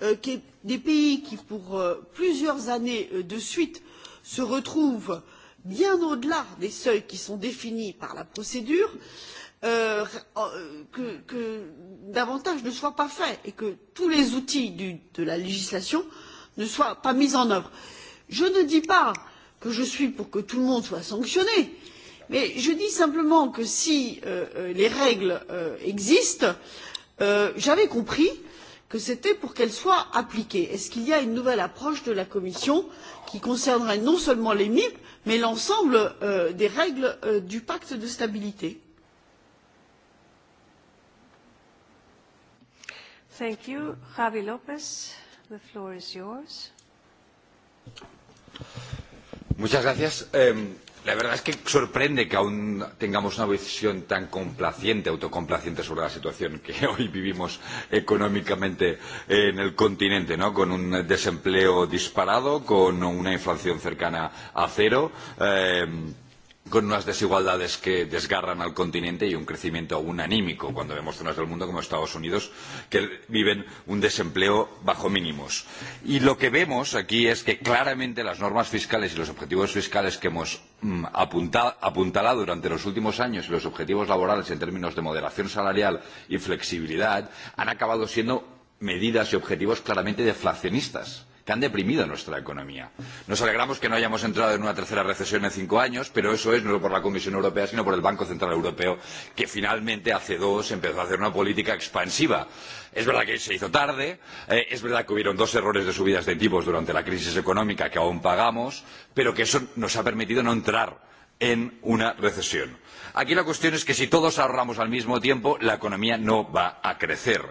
Speaker 20: euh, que des pays qui, pour euh, plusieurs années euh, de suite, se retrouvent euh, bien au-delà des seuils qui sont définis par la procédure, euh, euh, que, que davantage ne soit pas fait et que tous les outils du, de la législation ne soient pas mis en œuvre. Je ne dis pas que je suis pour que tout le monde soit sanctionné, mais je dis simplement que si euh, euh les règles euh, existent, euh, j'avais compris euh, que c'était pour qu'elle soit appliquée. Est-ce qu'il y a une nouvelle approche de la Commission qui concernerait non seulement les MIP, mais l'ensemble euh, des règles euh, du pacte de stabilité
Speaker 9: Thank you. Javi Lopez, the floor is yours.
Speaker 21: Muchas gracias. Eh, La verdad es que sorprende que aún tengamos una visión tan complaciente, autocomplaciente sobre la situación que [laughs] hoy vivimos económicamente en el continente, ¿no? Con un desempleo disparado, con una inflación cercana a cero. Eh, con unas desigualdades que desgarran al continente y un crecimiento aún anímico cuando vemos zonas del mundo como Estados Unidos que viven un desempleo bajo mínimos. Y lo que vemos aquí es que claramente las normas fiscales y los objetivos fiscales que hemos mm, apuntalado durante los últimos años y los objetivos laborales en términos de moderación salarial y flexibilidad han acabado siendo medidas y objetivos claramente deflacionistas que han deprimido nuestra economía. Nos alegramos que no hayamos entrado en una tercera recesión en cinco años, pero eso es no por la Comisión Europea, sino por el Banco Central Europeo, que finalmente hace dos empezó a hacer una política expansiva. Es verdad que se hizo tarde, eh, es verdad que hubieron dos errores de subidas de tipos durante la crisis económica que aún pagamos, pero que eso nos ha permitido no entrar en una recesión. Aquí la cuestión es que si todos ahorramos al mismo tiempo, la economía no va a crecer.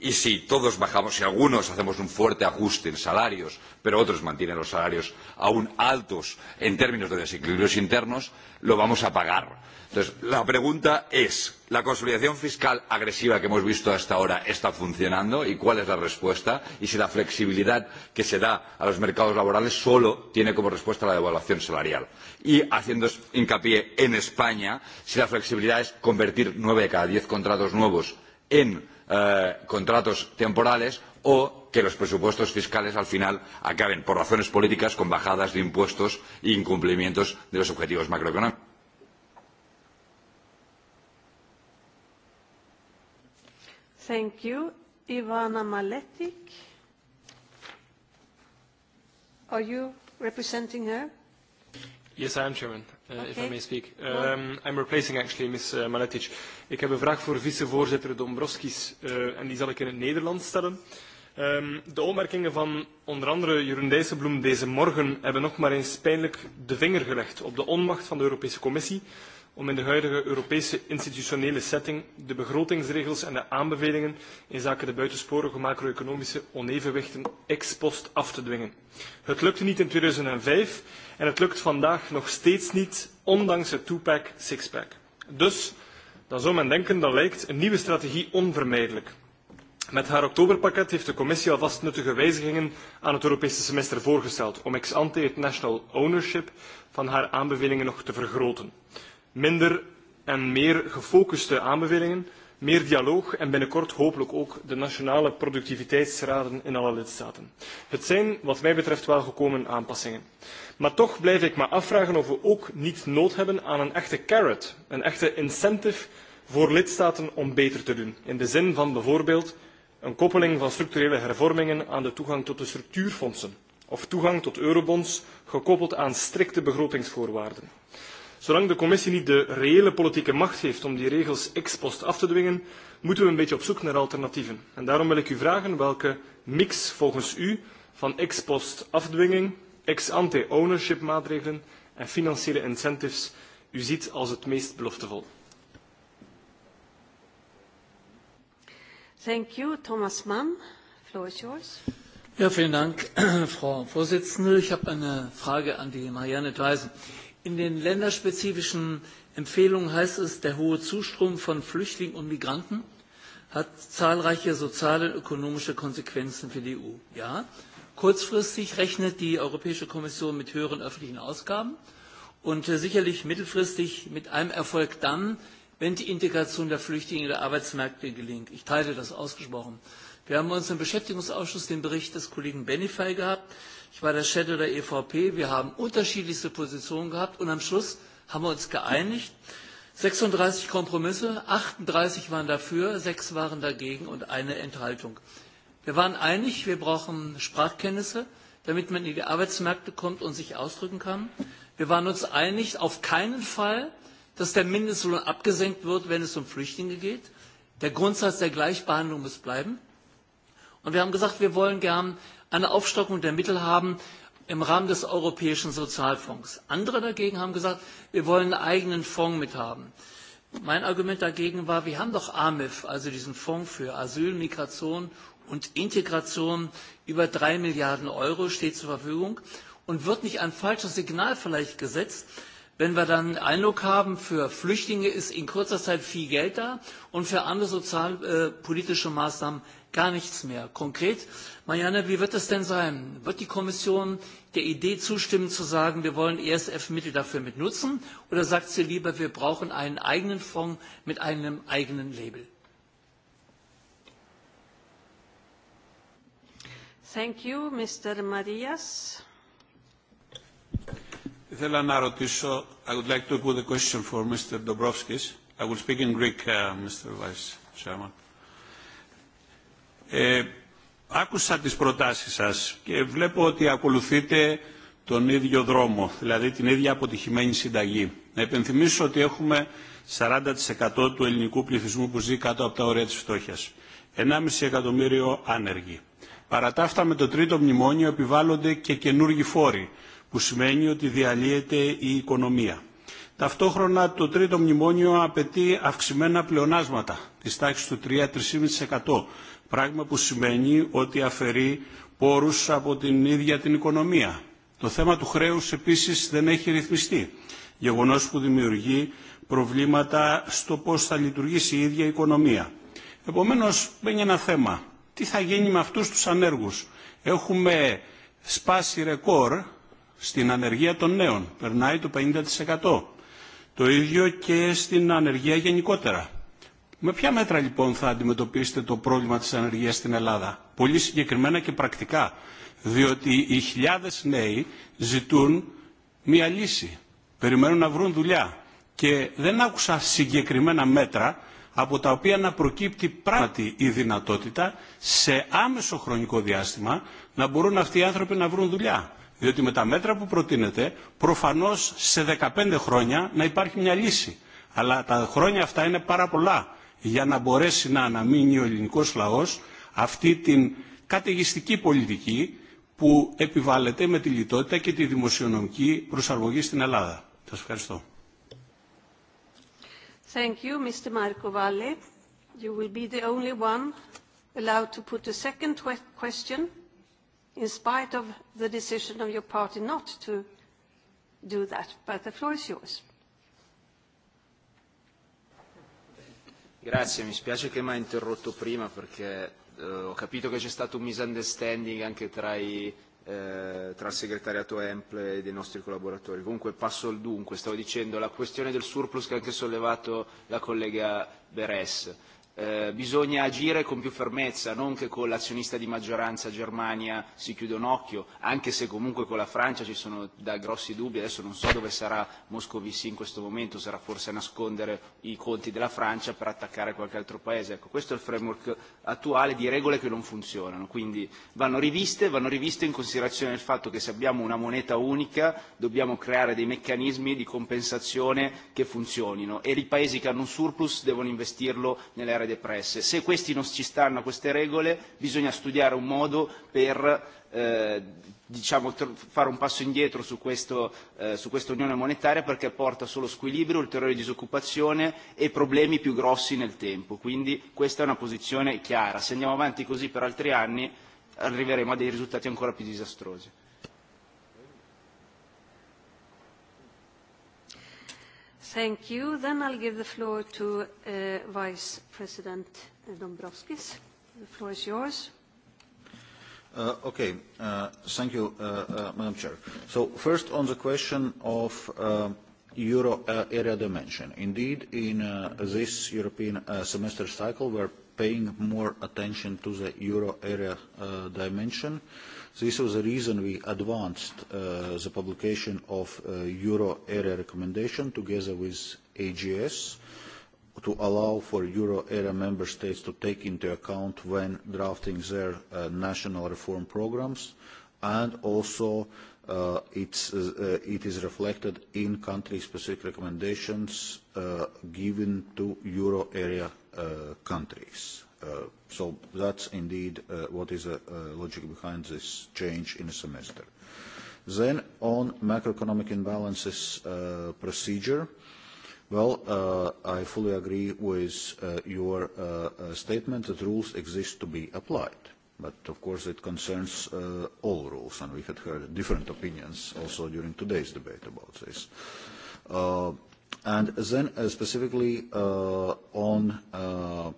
Speaker 21: Y si todos bajamos, si algunos hacemos un fuerte ajuste en salarios, pero otros mantienen los salarios aún altos en términos de desequilibrios internos, lo vamos a pagar. Entonces, la pregunta es, ¿la consolidación fiscal agresiva que hemos visto hasta ahora está funcionando? ¿Y cuál es la respuesta? Y si la flexibilidad que se da a los mercados laborales solo tiene como respuesta la devaluación salarial. Y haciendo hincapié en España, si la flexibilidad es convertir nueve de cada diez contratos nuevos en eh, contratos temporales o que los presupuestos fiscales al final acaben por razones políticas con bajadas de impuestos e incumplimientos de los objetivos macroeconómicos.
Speaker 9: Thank you. Ivana Maletic. Are you representing her?
Speaker 22: Yes, I am, Chairman, uh, okay. if I may speak. Um, I'm replacing actually Ms. Uh, Maletic. Ik heb een vraag voor vicevoorzitter Dombrovskis uh, en die zal ik in het Nederlands stellen. Um, de opmerkingen van onder andere Jeroen Dijsselbloem deze morgen hebben nog maar eens pijnlijk de vinger gelegd op de onmacht van de Europese Commissie om in de huidige Europese institutionele setting de begrotingsregels en de aanbevelingen in zaken de buitensporige macro-economische onevenwichten ex post af te dwingen. Het lukte niet in 2005 en het lukt vandaag nog steeds niet, ondanks het two-pack, six-pack. Dus, dan zou men denken, dan lijkt een nieuwe strategie onvermijdelijk. Met haar oktoberpakket heeft de commissie alvast nuttige wijzigingen aan het Europese semester voorgesteld om ex ante het national ownership van haar aanbevelingen nog te vergroten minder en meer gefocuste aanbevelingen, meer dialoog en binnenkort hopelijk ook de nationale productiviteitsraden in alle lidstaten. Het zijn wat mij betreft wel gekomen aanpassingen. Maar toch blijf ik me afvragen of we ook niet nood hebben aan een echte carrot, een echte incentive voor lidstaten om beter te doen. In de zin van bijvoorbeeld een koppeling van structurele hervormingen aan de toegang tot de structuurfondsen of toegang tot eurobonds gekoppeld aan strikte begrotingsvoorwaarden. Zolang de commissie niet de reële politieke macht heeft om die regels ex post af te dwingen, moeten we een beetje op zoek naar alternatieven. En daarom wil ik u vragen welke mix volgens u van ex post afdwinging, ex ante ownership maatregelen en financiële incentives u ziet als het meest beloftevol.
Speaker 9: Thank you, Thomas Mann. Floor is yours.
Speaker 23: Ja, vielen Dank, [clears throat] Frau Vorsitzende. Ich habe eine Frage an die Marianne Theisen. In den länderspezifischen Empfehlungen heißt es, der hohe Zustrom von Flüchtlingen und Migranten hat zahlreiche soziale und ökonomische Konsequenzen für die EU. Ja, kurzfristig rechnet die Europäische Kommission mit höheren öffentlichen Ausgaben und äh, sicherlich mittelfristig mit einem Erfolg dann, wenn die Integration der Flüchtlinge in der Arbeitsmärkte gelingt. Ich teile das ausgesprochen. Wir haben uns im Beschäftigungsausschuss den Bericht des Kollegen Benifei gehabt, Ich war der Shadow der EVP. Wir haben unterschiedlichste Positionen gehabt und am Schluss haben wir uns geeinigt. 36 Kompromisse, 38 waren dafür, 6 waren dagegen und eine Enthaltung. Wir waren einig, wir brauchen Sprachkenntnisse, damit man in die Arbeitsmärkte kommt und sich ausdrücken kann. Wir waren uns einig, auf keinen Fall, dass der Mindestlohn abgesenkt wird, wenn es um Flüchtlinge geht. Der Grundsatz der Gleichbehandlung muss bleiben. Und wir haben gesagt, wir wollen gern eine Aufstockung der Mittel haben im Rahmen des Europäischen Sozialfonds. Andere dagegen haben gesagt, wir wollen einen eigenen Fonds mithaben. Mein Argument dagegen war, wir haben doch AMIF, e also diesen Fonds für Asyl, Migration und Integration, über drei Milliarden Euro steht zur Verfügung und wird nicht ein falsches Signal vielleicht gesetzt, wenn wir dann Eindruck haben, für Flüchtlinge ist in kurzer Zeit viel Geld da und für andere sozialpolitische Maßnahmen gar nichts mehr. Konkret Marianne, wie wird es denn sein? Wird die Kommission der Idee zustimmen, zu sagen, wir wollen ESF-Mittel dafür mit nutzen? Oder sagt sie lieber, wir brauchen einen eigenen Fonds mit einem eigenen Label?
Speaker 9: Thank you, Mr. Marias.
Speaker 24: Ήθελα να ρωτήσω, I would like to put a question for Mr. Dobrovskis. I will speak in Greek, uh, Mr. Vice Chairman. Uh, Άκουσα τις προτάσεις σας και βλέπω ότι ακολουθείτε τον ίδιο δρόμο, δηλαδή την ίδια αποτυχημένη συνταγή. Να υπενθυμίσω ότι έχουμε 40% του ελληνικού πληθυσμού που ζει κάτω από τα ωραία της φτώχειας. 1,5 εκατομμύριο άνεργοι. Παρά τα αυτά με το τρίτο μνημόνιο επιβάλλονται και καινούργοι φόροι, που σημαίνει ότι διαλύεται η οικονομία. Ταυτόχρονα το τρίτο μνημόνιο απαιτεί αυξημένα πλεονάσματα της τάξης του 3-3,5% πράγμα που σημαίνει ότι αφαιρεί πόρους από την ίδια την οικονομία. Το θέμα του χρέους επίσης δεν έχει ρυθμιστεί, γεγονός που δημιουργεί προβλήματα στο πώς θα λειτουργήσει η ίδια η οικονομία. Επομένως, μπαίνει ένα θέμα. Τι θα γίνει με αυτούς τους ανέργους. Έχουμε σπάσει ρεκόρ στην ανεργία των νέων. Περνάει το 50%. Το ίδιο και στην ανεργία γενικότερα. Με ποια μέτρα λοιπόν θα αντιμετωπίσετε το πρόβλημα της ανεργίας στην Ελλάδα, πολύ συγκεκριμένα και πρακτικά, διότι οι χιλιάδες νέοι ζητούν μία λύση, περιμένουν να βρουν δουλειά και δεν άκουσα συγκεκριμένα μέτρα από τα οποία να προκύπτει πράγματι η δυνατότητα σε άμεσο χρονικό διάστημα να μπορούν αυτοί οι άνθρωποι να βρουν δουλειά. Διότι με τα μέτρα που προτείνετε, προφανώ σε 15 χρόνια να υπάρχει μια λύση. Αλλά τα χρόνια αυτά είναι πάρα πολλά για να μπορέσει να αναμείνει ο ελληνικό λαό αυτή την καταιγιστική πολιτική που επιβάλλεται με τη λιτότητα και τη δημοσιονομική προσαρμογή στην Ελλάδα. Σα ευχαριστώ.
Speaker 9: Thank you, Mr. Marco Valle. You will be the only one allowed to put a second question in spite of the decision of your party not to do that. But the floor is yours.
Speaker 15: Grazie, mi spiace che mi ha interrotto prima perché uh, ho capito che c'è stato un misunderstanding anche tra, i, uh, tra il segretariato Emple e dei nostri collaboratori. Comunque passo al dunque, stavo dicendo la questione del surplus che ha anche sollevato la collega Beres. Eh, bisogna agire con più fermezza, non che con l'azionista di maggioranza Germania si chiude un occhio, anche se comunque con la Francia ci sono da grossi dubbi, adesso non so dove sarà Moscovici in questo momento, sarà forse a nascondere i conti della Francia per attaccare qualche altro paese. Ecco, questo è il framework attuale di regole che non funzionano, quindi vanno riviste, vanno riviste in considerazione del fatto che se abbiamo una moneta unica dobbiamo creare dei meccanismi di compensazione che funzionino e i paesi che hanno un surplus devono investirlo nell'area aree depresse. Se questi non ci stanno queste regole bisogna studiare un modo per eh, diciamo, fare un passo indietro su, questo, eh, su questa unione monetaria perché porta solo squilibrio, ulteriore disoccupazione e problemi più grossi nel tempo. Quindi questa è una posizione chiara. Se andiamo avanti così per altri anni arriveremo a dei risultati ancora più disastrosi.
Speaker 9: Thank you. Then I'll give the floor to uh, Vice President Dombrovskis. The floor is yours.
Speaker 2: Uh, okay, uh, thank you, uh, uh, Madam Chair. So first on the question of uh, euro uh, area dimension. Indeed, in uh, this European uh, semester cycle, we're paying more attention to the euro area uh, dimension. Uh, This was the reason we advanced uh, the publication of uh, euro area recommendation together with AGS to allow for euro area member states to take into account when drafting their uh, national reform programs and also uh, it's, uh, uh it is reflected in country-specific recommendations uh, given to euro area uh, countries. Uh, so that's indeed uh, what is the uh, uh, logic behind this change in a semester. Then on macroeconomic imbalances uh, procedure, well, uh, I fully agree with uh, your uh, uh, statement that rules exist to be applied. But of course it concerns uh, all rules, and we had heard different opinions also during today's debate about this. Uh, and then uh, specifically uh, on uh,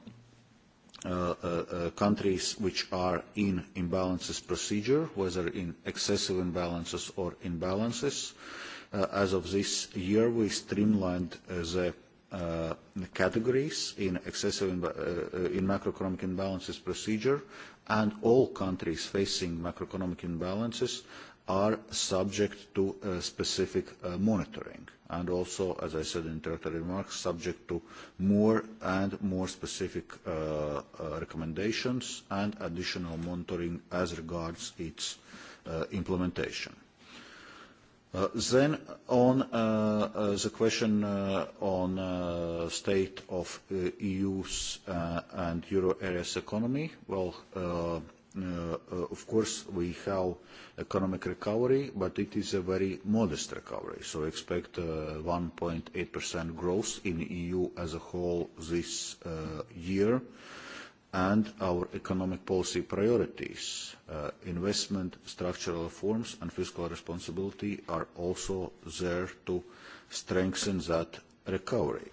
Speaker 2: Uh, uh, uh, countries which are in imbalances procedure, whether in excessive imbalances or imbalances. Uh, as of this year, we streamlined uh, the, uh, the categories in excessive imba uh, in macroeconomic imbalances procedure, and all countries facing macroeconomic imbalances are subject to uh, specific uh, monitoring and also, as I said in introductory remarks, subject to more and more specific uh, uh, recommendations and additional monitoring as regards its uh, implementation. Uh, then on uh, uh, the question uh, on uh, state of uh, EU's uh, and euro area's economy, well, uh, Uh, uh, of course, we have economic recovery, but it is a very modest recovery. So expect 1.8% uh, growth in EU as a whole this uh, year. And our economic policy priorities, uh, investment, structural reforms, and fiscal responsibility are also there to strengthen that recovery.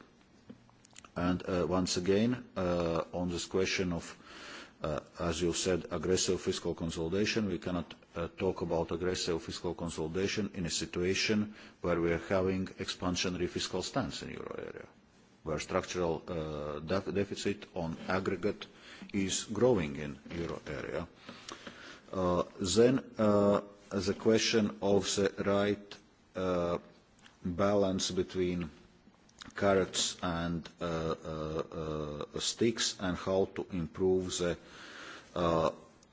Speaker 2: And uh, once again, uh, on this question of uh, as you said, aggressive fiscal consolidation. We cannot uh, talk about aggressive fiscal consolidation in a situation where we are having expansionary fiscal stance in euro area, where structural uh, de deficit on aggregate is growing in euro area. Uh, then uh, the question of the right uh, balance between carrots and uh, uh, uh, sticks and how to improve the uh,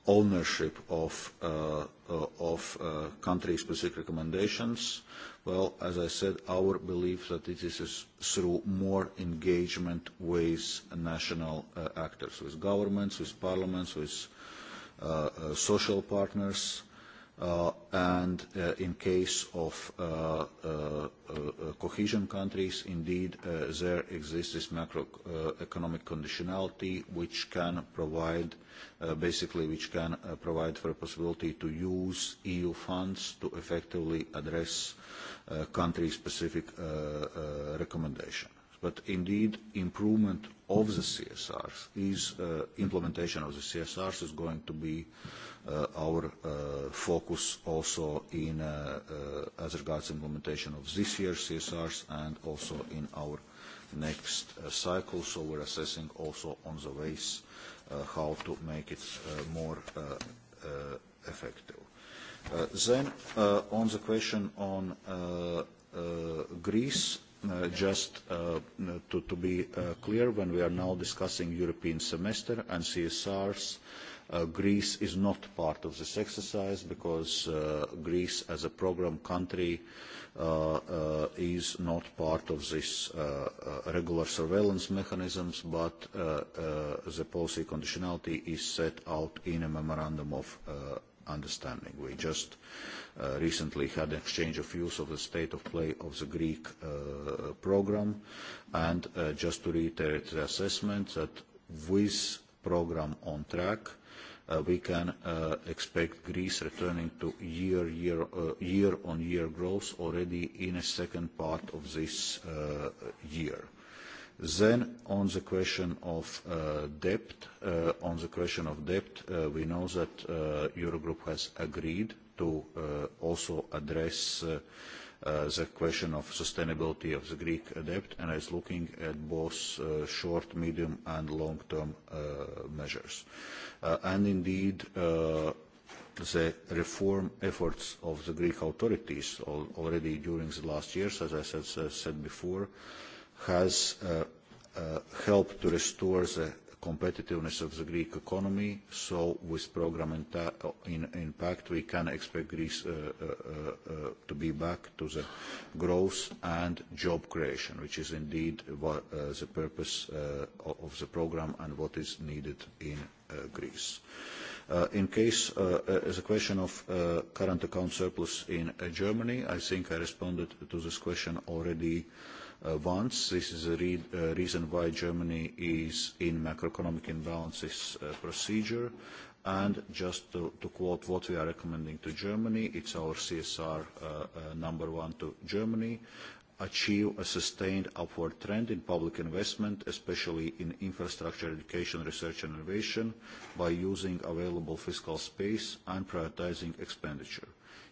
Speaker 2: ownership of, uh, uh, of uh, country-specific recommendations? Well, as I said, our belief that it is through more engagement with national uh, actors, with governments, with parliaments, with uh, uh, social partners, uh, and uh, in case of uh, uh, uh, cohesion countries, indeed, uh, there exists this macroeconomic uh, conditionality which can provide, uh, basically, which can uh, provide for a possibility to use EU funds to effectively address uh, country-specific uh, uh, recommendations. But indeed, improvement of the CSRs is uh, implementation of the CSRs is going to be uh, uh, our uh, focus also in uh, uh, as regards implementation of this year's CSRs and also in our next uh, cycle. So we're assessing also on the ways uh, how to make it uh, more uh, uh, effective. Uh, then uh, on the question on uh, uh, Greece, uh, just uh, to, to be uh, clear, when we are now discussing European semester and CSRs, uh, Uh, Greece is not part of this exercise because uh, Greece as a program country uh, uh, is not part of this uh, uh, regular surveillance mechanisms, but uh, uh, the policy conditionality is set out in a memorandum of uh, understanding. We just uh, recently had an exchange of views of the state of play of the Greek uh, program, and uh, just to reiterate the assessment that with program on track, uh, uh, we can uh, expect Greece returning to year, year, uh, year on year growth already in a second part of this uh, year. Then on the question of uh, debt, uh, on the question of debt, uh, we know that uh, Eurogroup has agreed to uh, also address uh, uh, the question of sustainability of the Greek debt and is looking at both uh, short, medium and long-term uh, measures. Uh, and indeed, uh, the reform efforts of the Greek authorities al already during the last years, as I said, said before, has uh, uh, helped to restore the competitiveness of the Greek economy, so with programme in, impact we can expect Greece uh, uh, uh, uh, to be back to the growth and job creation, which is indeed what, uh, the purpose uh, of the programme and what is needed in Greece. Uh, in case uh, as a question of uh, current account surplus in Germany, I think I responded to this question already uh, uh, This is the re uh, reason why Germany is in macroeconomic imbalances uh, procedure. And just to, to quote what we are recommending to Germany, it's our CSR uh, uh, number one to Germany, achieve a sustained upward trend in public investment, especially in infrastructure, education, research and innovation, by using available fiscal space and prioritizing expenditure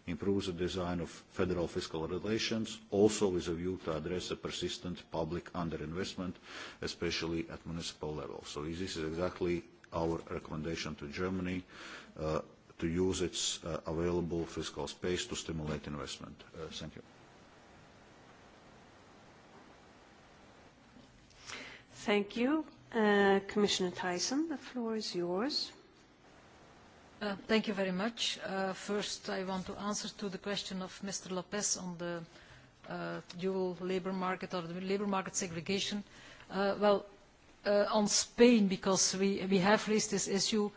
Speaker 2: improves the design of federal fiscal relations, also with a view to address a persistent public underinvestment, especially at municipal level. So this is exactly our recommendation to Germany uh, to use its uh, available fiscal space to stimulate investment. Uh, thank you.
Speaker 9: Thank you. Uh, Commissioner Tyson, the floor is yours.
Speaker 3: Uh, thank you very much. Uh, first, I want to answer to the question of Mr. Lopez on the uh, dual labor market or the labor market segregation. Uh, well, uh, on Spain, because we, we have raised this issue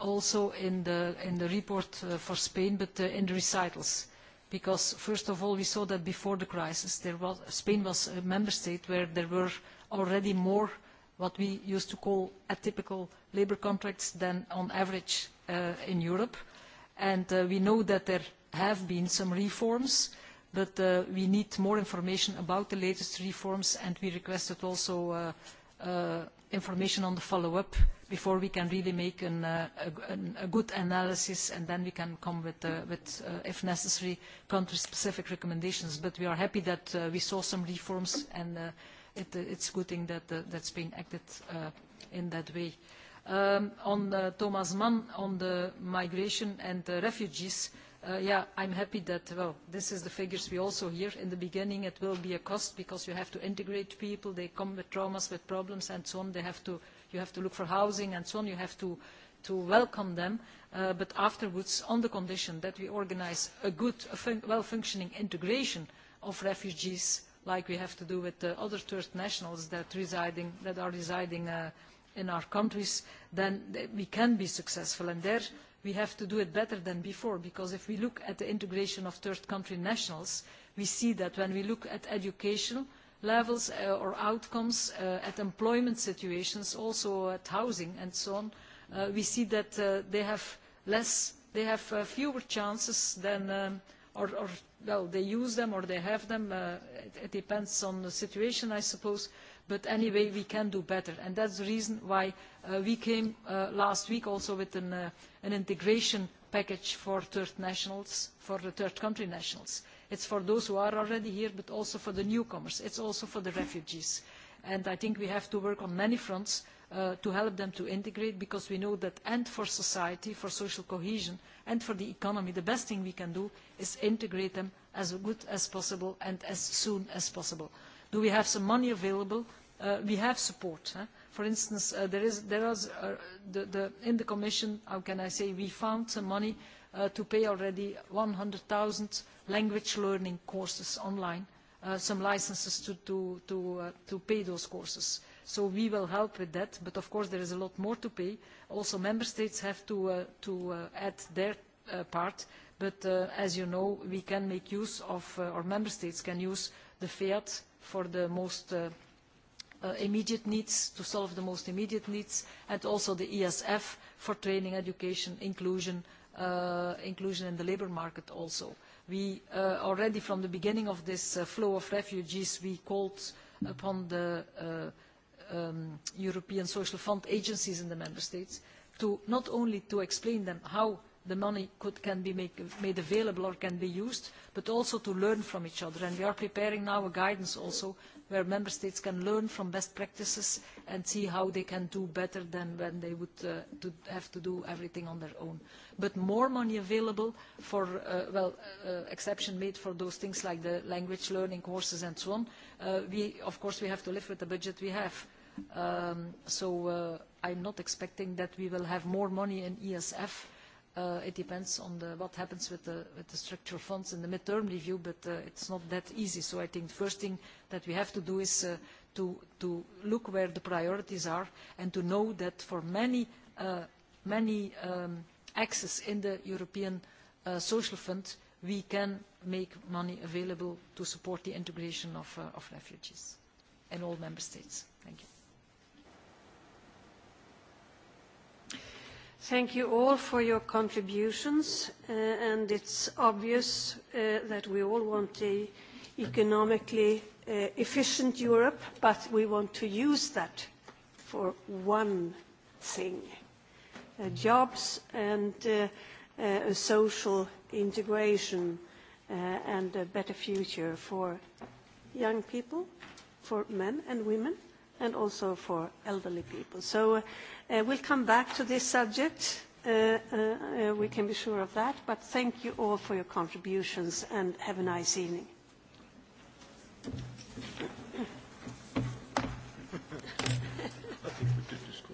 Speaker 3: also in the, in the report uh, for Spain, but uh, in the recitals. Because, first of all, we saw that before the crisis, there was, Spain was a member state where there were already more uh, what we used to call atypical labour contracts than on average uh, in Europe. And uh, we know that there have been some reforms, but uh, we need more information about the latest reforms, and we requested also uh, uh, information on the follow-up before we can really make an, uh, a, a good analysis and then we can come with, uh, with uh, if necessary, country-specific recommendations. But we are happy that uh, we saw some reforms and uh, it, it's a good thing that uh, that been acted uh, in that way. Um, on uh, Thomas Mann, on the migration and the refugees, uh, yeah, I'm happy that, well, this is the figures we also hear. In the beginning, it will be a cost because you have to integrate people. They come with traumas, with problems, and so on. They have to, you have to look for housing and so on. You have to, to welcome them. Uh, but afterwards, on the condition that we organize a good, a fun well-functioning integration of refugees like we have to do with the other third nationals that, residing, that are residing uh, in our countries, then we can be successful. And there we have to do it better than before, because if we look at the integration of third country nationals, we see that when we look at education levels uh, or outcomes, uh, at employment situations, also at housing and so on, uh, we see that uh, they have less, they have uh, fewer chances than, um, or, or well, they use them or they have them. Uh, it, it depends on the situation, I suppose. But anyway, we can do better. And that's the reason why uh, we came uh, last week also with an, uh, an integration package for third nationals, for the third country nationals. It's for those who are already here, but also for the newcomers. It's also for the refugees. And I think we have to work on many fronts Uh, to help them to integrate because we know that and for society, for social cohesion and for the economy, the best thing we can do is integrate them as good as possible and as soon as possible. Do we have some money available? Uh, we have support. Huh? For instance, uh, there is, there is, uh, the, the, in the Commission, how can I say, we found some money uh, to pay already 100,000 language learning courses online, uh, some licenses to, to, to, uh, to pay those courses. Uh, So we will help with that, but of course there is a lot more to pay. Also member states have to, uh, uh, add their uh, part, but as you know, we can make use of, or member states can use the fiat for the most immediate needs, to solve the most immediate needs, and also the ESF for training, education, inclusion, uh, inclusion in the labour market also. We uh, already from the beginning of this uh, flow of refugees, we called upon the uh, um, European Social Fund agencies in the member states to not only to explain them how the money could, can be make, made available or can be used, but also to learn from each other. And we are preparing now a guidance also where member states can learn from best practices and see how they can do better than when they would uh, to have to do everything on their own. But more money available for, uh, well, uh, exception made for those things like the language learning courses and so on. Uh, we, of course, we have to live with the budget we have Um, so uh, I'm not expecting that we will have more money in ESF. Uh, it depends on the, what happens with the, with the structural funds in the midterm review, but uh, it's not that easy. So I think the first thing that we have to do is uh, to, to look where the priorities are and to know that for many, uh, many um, access in the European uh, Social Fund, we can make money available to support the integration of, uh, of refugees in all member states. Thank you.
Speaker 9: Thank you all for your contributions, uh, and it's obvious uh, that we all want a economically uh, efficient Europe, but we want to use that for one thing, uh, jobs and uh, uh, social integration uh, and a better future for young people, for men and women, and also for elderly people. So uh, Uh, we'll come back to this subject. Uh, uh, uh, we can be sure of that. But thank you all for your contributions and have a nice evening. I
Speaker 24: think we did discuss.